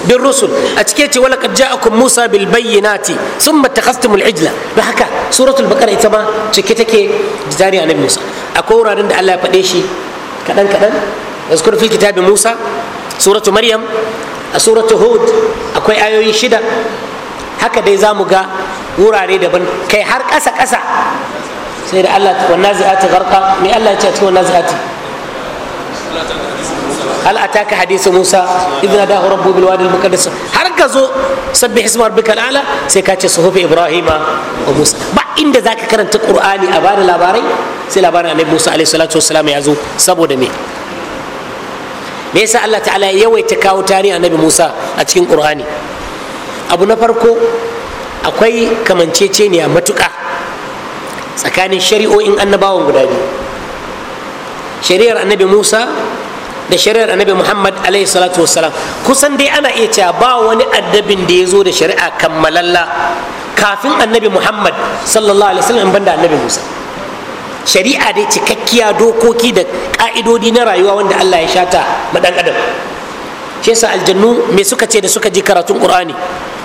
Speaker 1: bin rusul a cike ce wala kad ja'akum musa bil bayyinati thumma takhastumul ijla da haka suratul baqara ita ma cike take jari annabi musa akwai wuraren da Allah ya faɗe shi kadan kadan yazkur fil kitabi musa suratu maryam a suratu hud akwai ayoyi shida haka dai za mu ga wurare daban kai har ƙasa ƙasa sai da Allah ya ce a cikin hal ataka hadisi musa idan nadahu rabbu bil wadi al muqaddas har ka zo sabbih isma rabbikal ala sai ka ce suhufi ibrahima wa musa ba inda zaka karanta Kur'ani a bada labarai sai labarin annabi musa alaihi salatu wassalam ya zo saboda me me yasa Allah ta'ala ya yawaita kawo tarihin annabi musa a cikin Kur'ani? abu na farko akwai kamanceceniya matuƙa tsakanin shari'o'in annabawan guda biyu shari'ar annabi musa da shari'ar annabi muhammad alaihi salatu wassalam kusan dai ana iya cewa ba wani addabin da ya zo da shari'a kammalalla kafin annabi muhammad sallallahu alaihi wasallam banda annabi musa shari'a dai cikakkiya dokoki da ka'idodi na rayuwa wanda allah ya shata ma dan adam shi yasa aljannu me suka ce da suka ji karatun qur'ani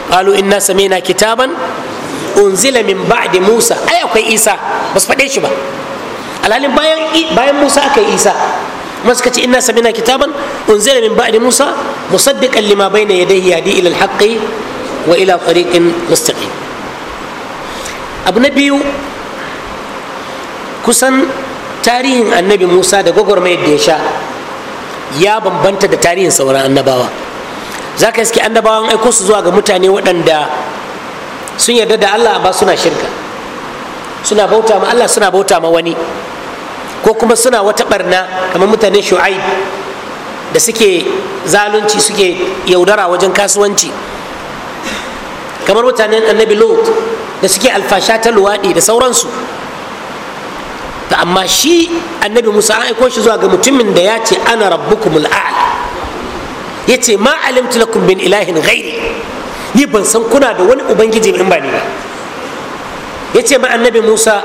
Speaker 1: qalu inna sami'na kitaban unzila min ba'di musa ai akwai isa ba su faɗe shi ba alhalin bayan bayan musa aka yi isa ma suka ce sami samina kitaban unzila min ba'di musa musaddiqan lima bayna yadayhi yadi ila alhaqqi wa ila tariqin mustaqim abu na biyu kusan tarihin annabi musa da gwagwarmayar da ya sha ya bambanta da tarihin sauran annabawa za ka iske annabawan aiko su zuwa ga mutane waɗanda sun yarda da allah ba suna shirka suna bauta ma allah suna bauta ma wani ko kuma suna wata barna kamar mutanen shu'aib da suke zalunci suke yaudara wajen kasuwanci kamar mutanen annabi lot da suke alfasha ta luwaɗi da sauransu ta amma shi annabi musa an aiko shi zuwa ga mutumin da ya ce ana rabbukumul a'la ya ce ma alimtu lakum min ilahin ghairi ni ban san kuna da wani ubangiji in ba ni ba ya ce ma annabi musa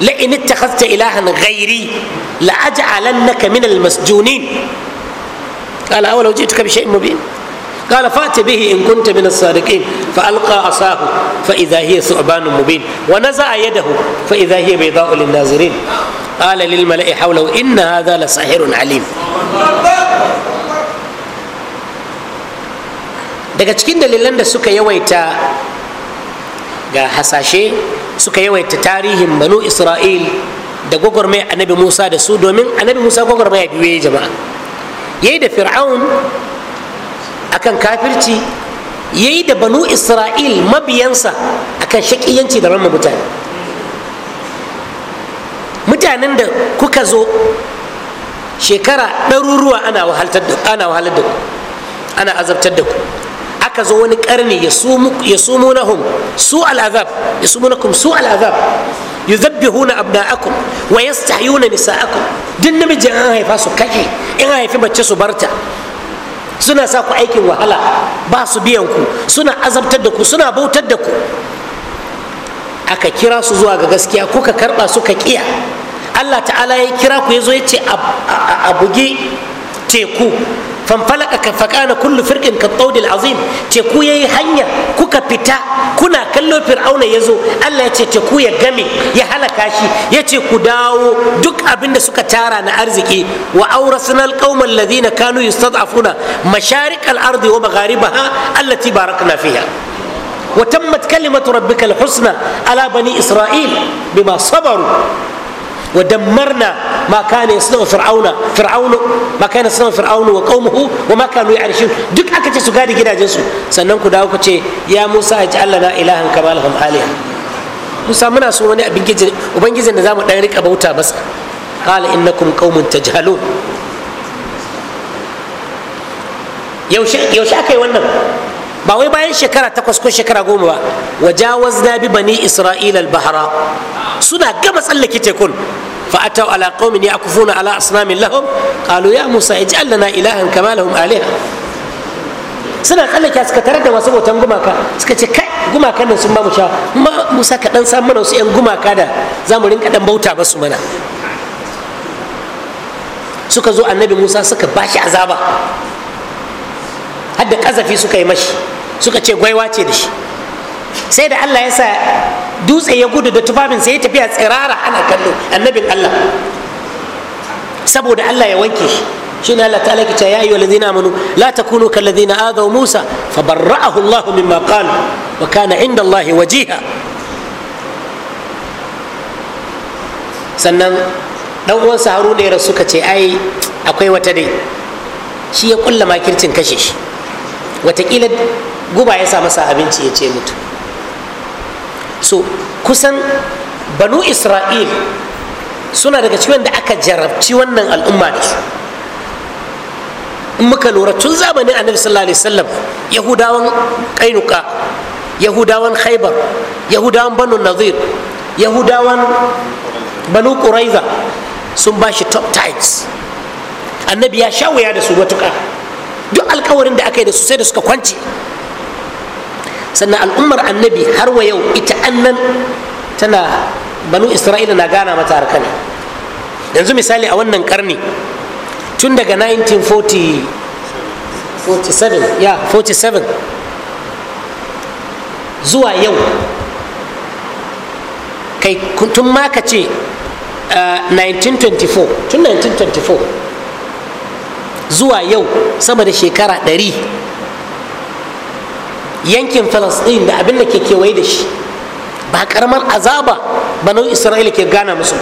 Speaker 1: لئن اتخذت إلها غيري لأجعلنك من المسجونين قال أولو جئتك بشيء مبين قال فات به إن كنت من الصادقين فألقى عصاه فإذا هي ثعبان مبين ونزع يده فإذا هي بيضاء للناظرين قال للملأ حوله إن هذا لساحر عليم daga cikin dalilan da suka yawaita ga hasashe suka yawaita tarihin banu isra'il da gwagwarmaya annabi musa da su domin annabi musa gwagwarmaya biyu ya jama'a ya yi da fir'aun akan kafirci ya yi da banu isra'il mabiyansa akan shakiyanci da ramma mutane mutanen da kuka zo shekara ɗaruruwa ana wahalar da ku ana azabtar da ku aka zo wani karni ya sumunahum su al'azab ya sumunakum su al'azab yuzabbihuna abna'akum wa yastahyuna nisa'akum duk namijin an haifa su kashe in haifi mace su barta suna sa ku aikin wahala ba su biyan ku suna azabtar da ku suna bautar da ku aka kira su zuwa ga gaskiya kuka karba suka kiya Allah ta'ala ya kira ku ya zo ya ce a bugi teku fanfalaka ka fakana kullu firqin ka tsaudil azim teku yayi hanya kuka fita kuna kallo fir'auna ya zo allah ya ce teku ya gami ya halaka shi yace ku dawo duk abin da suka tara na arziki wa aurasna alqauma alladhina kanu yustad'afuna masharik al-ardi wa magharibaha allati barakna fiha وتمت كلمة ربك الحسنى على بني إسرائيل بما صبروا ودمرنا ما كان يصنع فرعون فرعون ما كان يصنع فرعون وقومه وما كانوا يعرشون دك أكتش سكاري كده جنسو سننكو داوكو تشي يا موسى اجعل لنا إلها كما لهم آلهة موسى منا سو وني أبن جزن وبن جزن نزام دانريك أبوتا بس قال إنكم قوم تجهلون يوشك يوشك يوشك ba wai bayan shekara takwas ko shekara goma ba wajawazna bi bani isra'ila al-bahra suna gama tsallake tekun فأتوا على قوم يعكفون على أصنام لهم قالوا يا موسى اجعل لنا إلها كما لهم آلهة suna tsallake suka tare da masu bautan gumaka suka ce kai gumakan nan sun ba mu sha musa ka dan san mana wasu yan gumaka da za mu rinka dan bauta su mana suka zo annabi musa suka bashi azaba hadda kazafi suka yi mashi suka ce gwaiwa ce da shi sai da allah ya sa dutse ya gudu da tufafin sai ya tafiya tsirara ana kallo annabin allah saboda allah ya wanke shi ne allah ta alaƙi ya yi walazina amanu la takunu kallazina adaw musa fa barra'ahu allah mimma qalu wa kana inda allah wajiha sannan dan uwansa haruna ya suka ce ai akwai wata dai shi ya kulla makircin kashe shi watakila guba ya sa masa abinci ya ce mutu so kusan banu isra'il suna daga cikin da aka jarabci wannan al'umma da su in muka lura tun zamanin annabi sallallahu alaihi wasallam yahudawan kainuka yahudawan khaibar yahudawan banu nazir yahudawan banu quraiza sun ba shi top annabi ya sha wuya da su matuƙa duk alkawarin da aka yi da su sai da suka kwance sannan al'ummar annabi har wa yau ita annan tana banu isra'ila na gana mata harka ne yanzu misali a wannan karni tun daga 1947 ya 47 zuwa yau kai tun ma ka ce 1924 uh, tun 1924 zuwa yau sama da shekara 100 yankin Falasɗin da abin da ke kewaye da shi ba karamar azaba banu isra'ila ke gana musu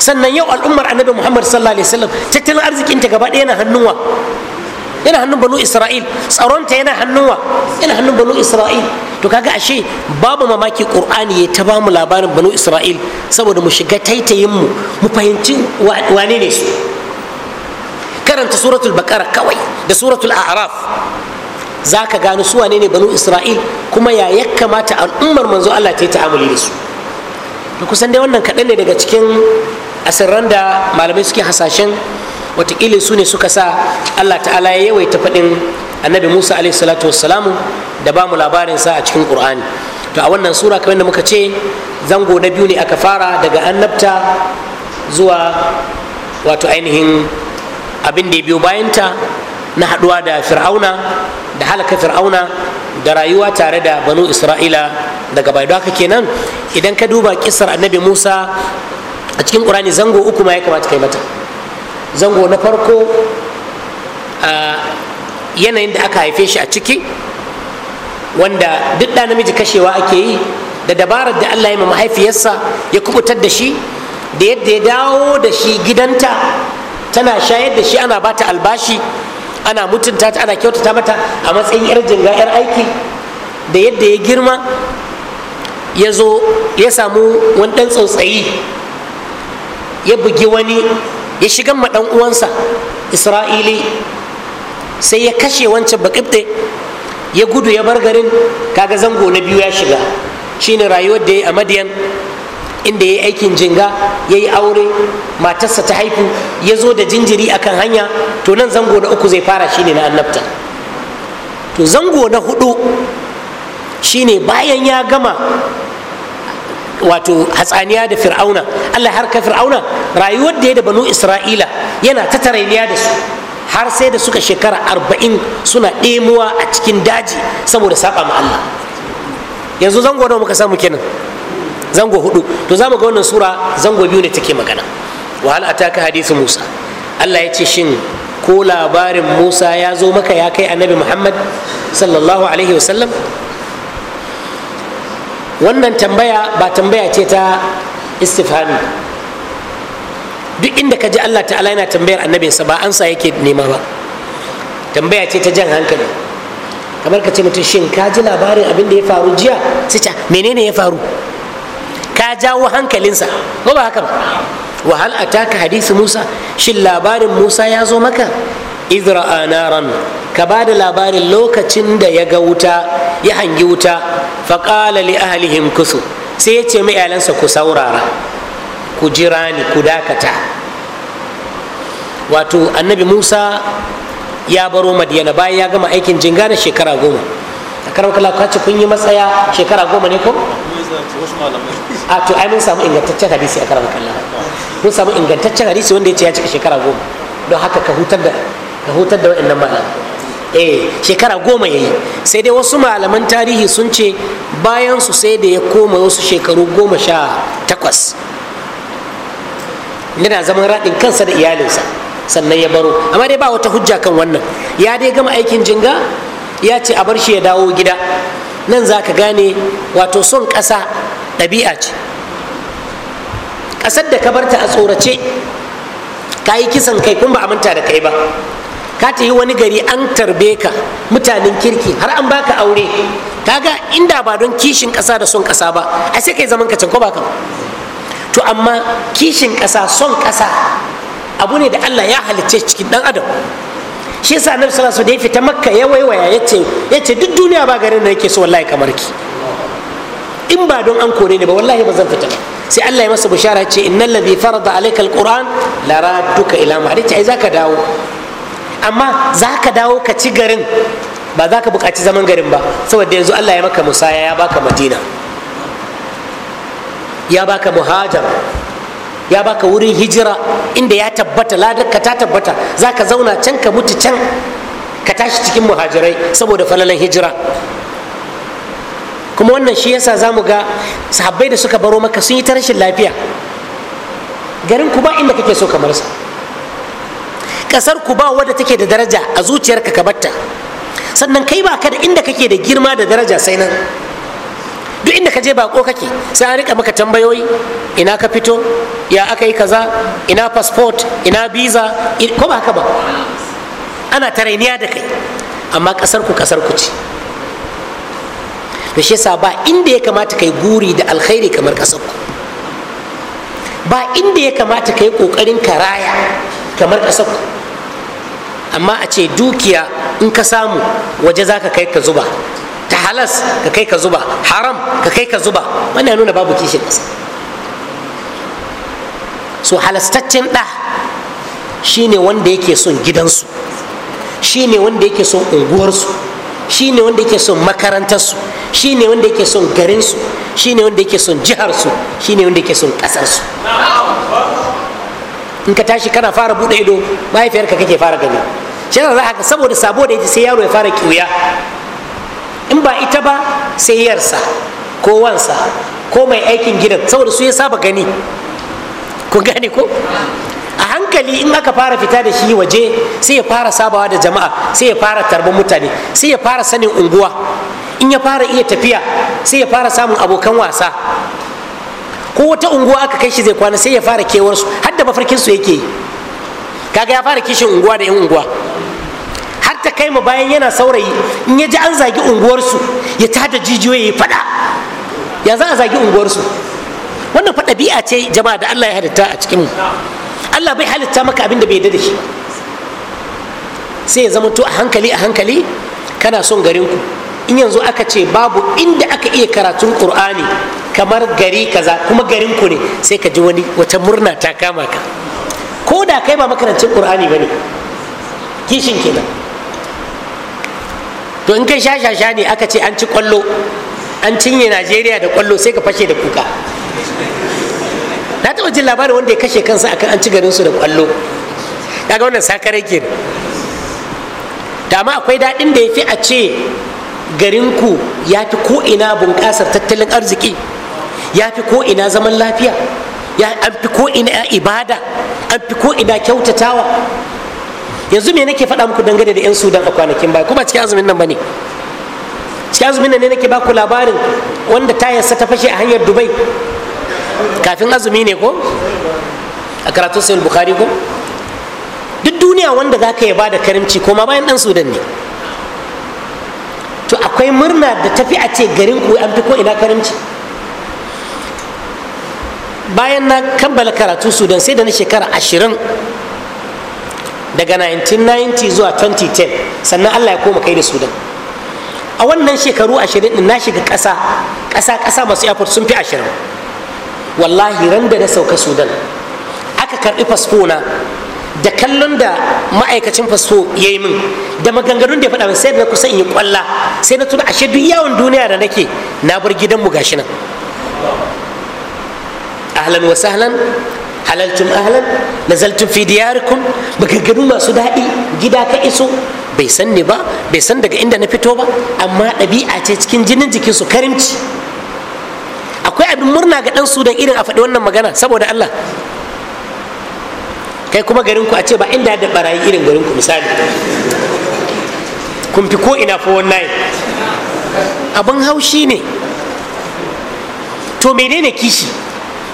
Speaker 1: sannan yau al'ummar annabi muhammad sallallahu alaihi wasallam tattalin arzikinta gaba ɗaya yana hannuwa yana hannun banu isra'il tsaronta yana hannuwa yana hannun banu isra'il to kaga ashe babu mamaki qur'ani ya ta bamu labarin banu isra'il saboda mu shiga taitayin mu mu fahimci wane ne su karanta suratul baqara kawai da suratul a'raf za ka gano su wane ne banu isra'il kuma ya ya kamata al'ummar manzo allah ta yi ta'amuli da su da kusan dai wannan kaɗan ne daga cikin asirran da malamai suke hasashen watakila su ne suka sa allah ta'ala ya yawaita faɗin annabi musa alaihi salatu wassalamu da ba mu labarin sa a cikin ƙur'ani to a wannan sura kamar da muka ce zango na biyu ne aka fara daga annabta zuwa wato ainihin abin da ya biyo bayanta na haɗuwa da fir'auna da halaka fir'auna da rayuwa tare da banu isra'ila daga bai haka kenan idan ka duba kisar annabi musa a cikin ƙurani zango uku ma ya kamata kai mata zango na farko yanayin da aka haife shi a ciki wanda duk da namiji kashewa ake yi da dabarar da allah ya ma mahaifiyarsa ya kubutar da shi da yadda ya dawo da shi gidanta tana shayar da shi ana bata albashi ana mutunta ta ana kyautata mata a matsayin yar jinga yar aiki da yadda ya girma ya zo ya samu wani ɗan tsautsayi ya bugi wani ya shiga ma ɗan uwansa isra'ili sai ya kashe wancan bakibte ya gudu ya bar garin kaga zango na biyu ya shiga shine rayuwar da ya a madiyan inda ya yi aikin jinga ya yi aure matarsa ta haifu ya zo da jinjiri akan hanya to nan zango na uku zai fara shine na annabta to zango na hudu shine bayan ya gama wato hatsaniya da fir'auna allah har ka fir'auna rayuwar da ya da banu isra'ila yana ta tarayya da su har sai da suka shekara arba'in suna ɗemuwa a cikin daji saboda saba ma allah yanzu zango nawa muka samu kenan zango hudu to za mu ga wannan sura zango biyu ne take magana wa hal ataka hadithu musa allah ya ce shin ko labarin musa ya zo maka ya kai annabi muhammad sallallahu alaihi wasallam wannan tambaya ba tambaya ce ta istifhami duk inda ka ji allah ta'ala yana tambayar annabinsa ba ansa yake nema ba tambaya ce ta jan hankali kamar ka ce mutum shin ka ji labarin abin da ya faru jiya sai menene ya faru ka jawo hankalinsa ko ba haka ba wahal ataka hadisi musa shin labarin musa ya zo maka izra'a naran ka ba da labarin lokacin da ya ga wuta ya hangi wuta faƙala li ahlihim kusu sai ya ce iyalansa ku saurara ku jira ni ku dakata wato annabi musa ya baro madiyana bayan ya gama aikin jinga na shekara goma a karamkala ka ce kun yi matsaya shekara goma ne ko a to ai mun samu ingantaccen hadisi a karan kallon mun samu ingantaccen hadisi wanda ya ce ya cika shekara goma don haka ka hutar da ka hutar da wa'annan malamai eh shekara goma ya yi sai dai wasu malaman tarihi sun ce bayan su sai da ya koma wasu shekaru goma sha takwas yana zaman raɗin kansa da iyalinsa sannan ya baro amma dai ba wata hujja kan wannan ya dai gama aikin jinga ya ce a bar shi ya dawo gida nan za ka gane wato son ƙasa ɗabi'a ce ƙasar da ka barta a tsorace ka yi kisan kai kun ba a manta da kai ba ka ta yi wani gari an tarbe ka mutanen kirki har an baka aure kaga inda ba don kishin ƙasa da son ƙasa ba a sai kai zaman ka can ko ba ka to amma kishin ƙasa son ƙasa abu ne da allah ya halicce cikin ɗan adam shi yasa annabi sallallahu alaihi wasallam da ya fita makka ya waiwaya yace yace duk duniya ba garin da yake so wallahi kamar ki in ba don an kore ni ba wallahi ba zan fita ba sai Allah ya masa bishara ce innal ladhi farada alayka alquran laradduka ila ma'rifati ai zaka dawo amma zaka dawo ka ci garin ba za ka buƙaci zaman garin ba saboda yanzu Allah ya maka musaya ya baka madina ya baka muhajar ya baka wurin hijira inda ya tabbata ladarka ta tabbata za ka zauna can ka mutu can ka tashi cikin muhajirai saboda falalan hijira kuma wannan shi yasa za mu ga sahabbai da suka baro maka sun yi ta rashin lafiya garin ku ba inda kake so kamar sa ƙasar ku ba wadda take da daraja a zuciyarka ka batta sannan kai ba ka da inda kake da girma da daraja sai nan inda ka je bako kake sai an rika maka tambayoyi ina ka fito ya aka yi kaza ina passport ina visa ko ba haka ba ana tarainiya da kai amma kasar ku kasar ku ce to shi yasa ba inda ya kamata kai guri da alkhairi kamar kasar ku ba inda ya kamata kai kokarin karaya kamar kasar ku amma a ce dukiya in ka samu waje zaka kai ka zuba ta halas ka kai ka zuba haram ka kai ka zuba wannan nuna babu kishin ƙasa so halastaccen ɗa shine wanda yake son gidansu shine wanda yake son unguwarsu shine wanda yake son makarantarsu shine wanda yake son garinsu shine wanda yake son jiharsu shine wanda yake son ƙasarsu in ka tashi kana fara buɗe ido mahaifiyarka kake fara gani shi za ka saboda sabo da sai yaro ya fara ƙiuya in ba ita ba sai yarsa ko wansa ko mai aikin gidan saboda su ya saba gani ku gane ko a hankali in aka fara fita da shi waje sai ya fara sabawa da jama'a sai ya fara tarbar mutane sai ya fara sanin unguwa in ya fara iya tafiya sai ya fara samun abokan wasa ko wata unguwa aka kai shi zai kwana sai ya fara kewarsu har da mafarkinsu yake kaga ya fara kishin unguwa da 'yan unguwa ta kai mu bayan yana saurayi in ya ji an zagi unguwarsu ya tada jijiyoyi ya faɗa ya za a zagi unguwarsu wannan faɗa biya ce jama'a da Allah ya halitta a cikin mu Allah bai halitta maka abin da bai da shi sai ya zama to a hankali a hankali kana son garin ku in yanzu aka ce babu inda aka iya karatun qur'ani kamar gari kaza kuma garin ku ne sai ka ji wani wata murna ta kama ka ko da kai ba makarancin qur'ani bane kishin kenan to in kai sha-sha-sha ne aka ce an ci kwallo an cinye najeriya da kwallo sai ka fashe da kuka na taɓa jin labarin wanda ya kashe kansa akan an ci garinsu da kwallo kaga wannan sakare ke dama akwai daɗin da ya fi a ce garinku ya fi ko'ina bunƙasar tattalin arziki ya fi ko'ina zaman lafiya an fi ko'ina ibada an fi ko'ina kyautatawa yanzu me nake faɗa muku dangane da 'yan sudan a kwanakin baya kuma cikin azumin nan ba ne cikin azumin nan ne nake baku labarin wanda tayarsa ta fashe a hanyar dubai kafin azumi ne ko a karatun sayar bukari ko duk duniya wanda za ka yi ba da karimci ko ma bayan ɗan sudan ne to akwai murna da tafi a ce garin ku an fi ko ina karimci bayan na kammala karatu sudan sai da na shekara ashirin daga 1990 zuwa 2010 sannan allah ya koma kai da sudan a wannan shekaru ashirin din na shiga ƙasa ƙasa ƙasa masu airport sun fi ashirin wallahi ran da na sauka sudan aka karɓi fasfo na da kallon da ma'aikacin fasfo ya yi min da maganganun da ya faɗa min sai na kusa in yi kwalla sai na tuna ashe duk yawon duniya da nake na bar gidanmu gashi nan ahlan wa sahlan halaltum ahlan nazaltum fi diyarikum maganganu masu daɗi gida ka iso bai san ni ba bai san daga inda na fito ba amma ɗabi'a ce cikin jinin jikinsu karimci akwai abin murna ga ɗansu da irin a faɗi wannan magana saboda allah kai kuma garinku a ce ba inda da barayi irin garinku misali kun fi ko ina fa wannan abin haushi ne to menene kishi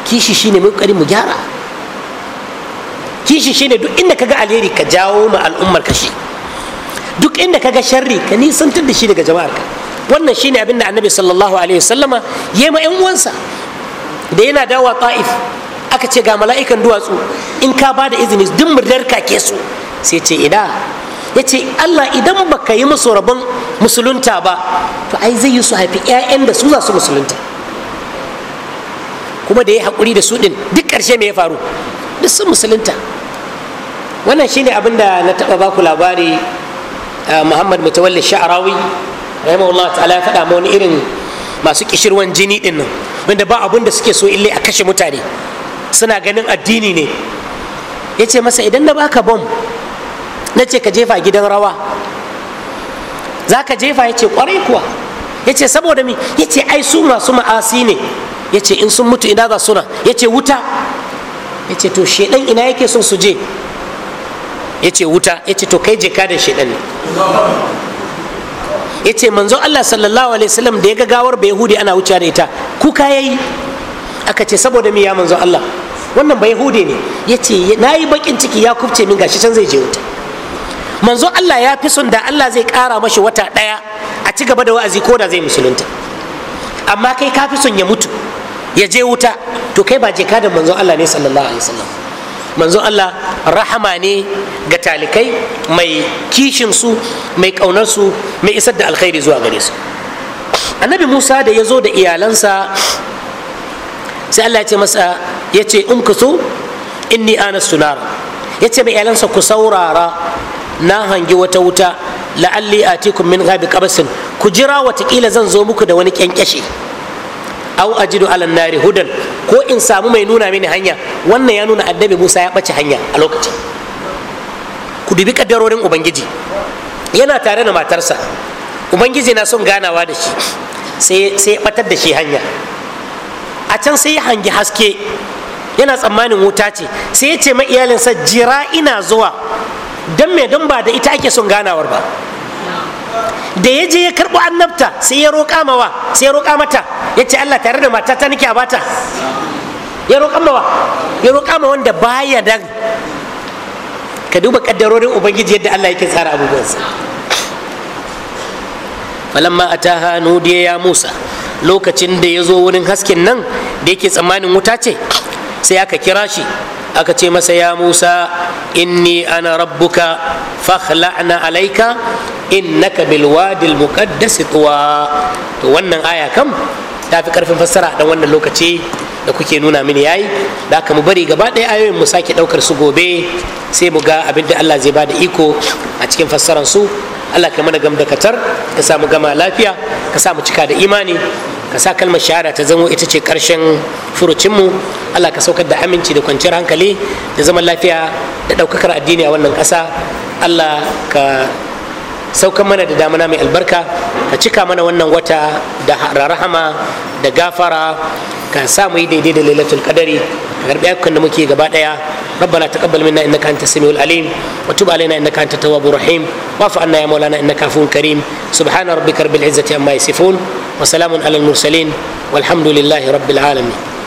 Speaker 1: kishi shine mu kari mu gyara kishi shine duk inda kaga alheri ka jawo ma al'ummar ka shi duk inda kaga sharri ka nisantar da shi daga jama'ar ka wannan shine abin da annabi sallallahu alaihi wasallama yayi ma yan uwansa da yana dawa ta'if aka ce ga mala'ikan duwatsu in ka bada izini duk murdar ka ke su sai ce ina ya ce allah idan baka yi musu rabon musulunta ba to ai zai yi su haifi 'ya'yan da su za su musulunta kuma da ya haƙuri da su ɗin duk ƙarshe me ya faru duk sun musulunta wannan shine abin da na taɓa baku labari muhammad mutawalli sha'arawi rahimahullah ta'ala ya faɗa ma wani irin masu kishirwan jini ɗin nan wanda ba abin da suke so illai a kashe mutane suna ganin addini ne ya ce masa idan na baka bom na ce ka jefa gidan rawa za ka jefa ya ce kwarai kuwa ya ce saboda mi ya ce ai su masu ma'asi ne ya ce in sun mutu ina za suna ya ce wuta ya ce to shedan ina yake son su je ya ce wuta ya ce to kai ka da shedan ne ya ce manzo Allah sallallahu alaihi wasallam da ya ga gawar bai yahudi ana wuce da ita kuka yayi aka ce saboda me ya manzo Allah wannan bai yahudi ne ya ce na yi bakin ciki ya kubce min gashi can zai je wuta manzo Allah ya fi son da Allah zai kara mashi wata daya a ci gaba da wa'azi ko da zai musulunta amma kai ka fi son ya mutu ya je wuta to kai ba jeka da manzon Allah ne sallallahu alaihi wasallam manzon Allah rahama ne ga talikai mai kishin su mai kaunar su mai isar da alkhairi zuwa gare su annabi Musa da ya zo da iyalansa sai Allah ya ce masa ya ce in um, inni anastu nara ya ce mai iyalansa ku saurara na hangi wata wuta la'alli atikum min ghabi qabsin ku jira watakila zan zo muku da wani kyankyashe au ajidu ala nari hudan ko in samu mai nuna mini hanya wannan ya nuna annabi Musa ya ɓace hanya a lokaci. ku dubi kaddarorin ubangiji yana tare da matarsa ubangiji na son ganawa da shi sai ya batar da shi hanya a can sai ya hangi haske yana tsammanin wuta ce sai ya ce ma iyalinsa jira ina zuwa don me don ba da ita ake son ganawar ba da ya je ya karɓo annabta sai ya roƙa mawa sai ya roƙa mata ya ce Allah tare da mata ta nake a bata ya roƙa mawa ya roƙa ma wanda baya dan ka duba kaddarorin ubangiji yadda Allah yake tsara abubuwansa falamma ataha nudiya ya Musa lokacin da ya zo wurin hasken nan da yake tsammanin wuta ce sai aka kira shi aka ce masa ya musa inni ana rabbuka fakhla'na alaika innaka bil wadil tuwa to wannan aya kam ta fi karfin fassara dan wannan lokaci da kuke nuna mini yayi da aka mu bari gaba ɗaya ayoyin mu sake ɗaukar su gobe sai mu ga abin da Allah zai bada iko a cikin fassaran su Allah ka mana gam da katar ka samu gama lafiya ka samu cika da imani ka sa kalmar shahada ta zamo ita ce karshen furucinmu allah ka saukar da aminci da kwanciyar hankali da zaman lafiya da ɗaukakar addini a wannan ƙasa allah ka saukan mana da damana mai albarka ka cika mana wannan wata da rahama da gafara ka sa mu yi daidai da lailatul qadari ka garbi ayyukan da muke gaba daya ربنا تقبل منا انك انت السميع العليم وتب علينا انك انت التواب الرحيم واعف عنا يا مولانا انك عفو كريم سبحان ربك رب العزه عما يصفون وسلام على المرسلين والحمد لله رب العالمين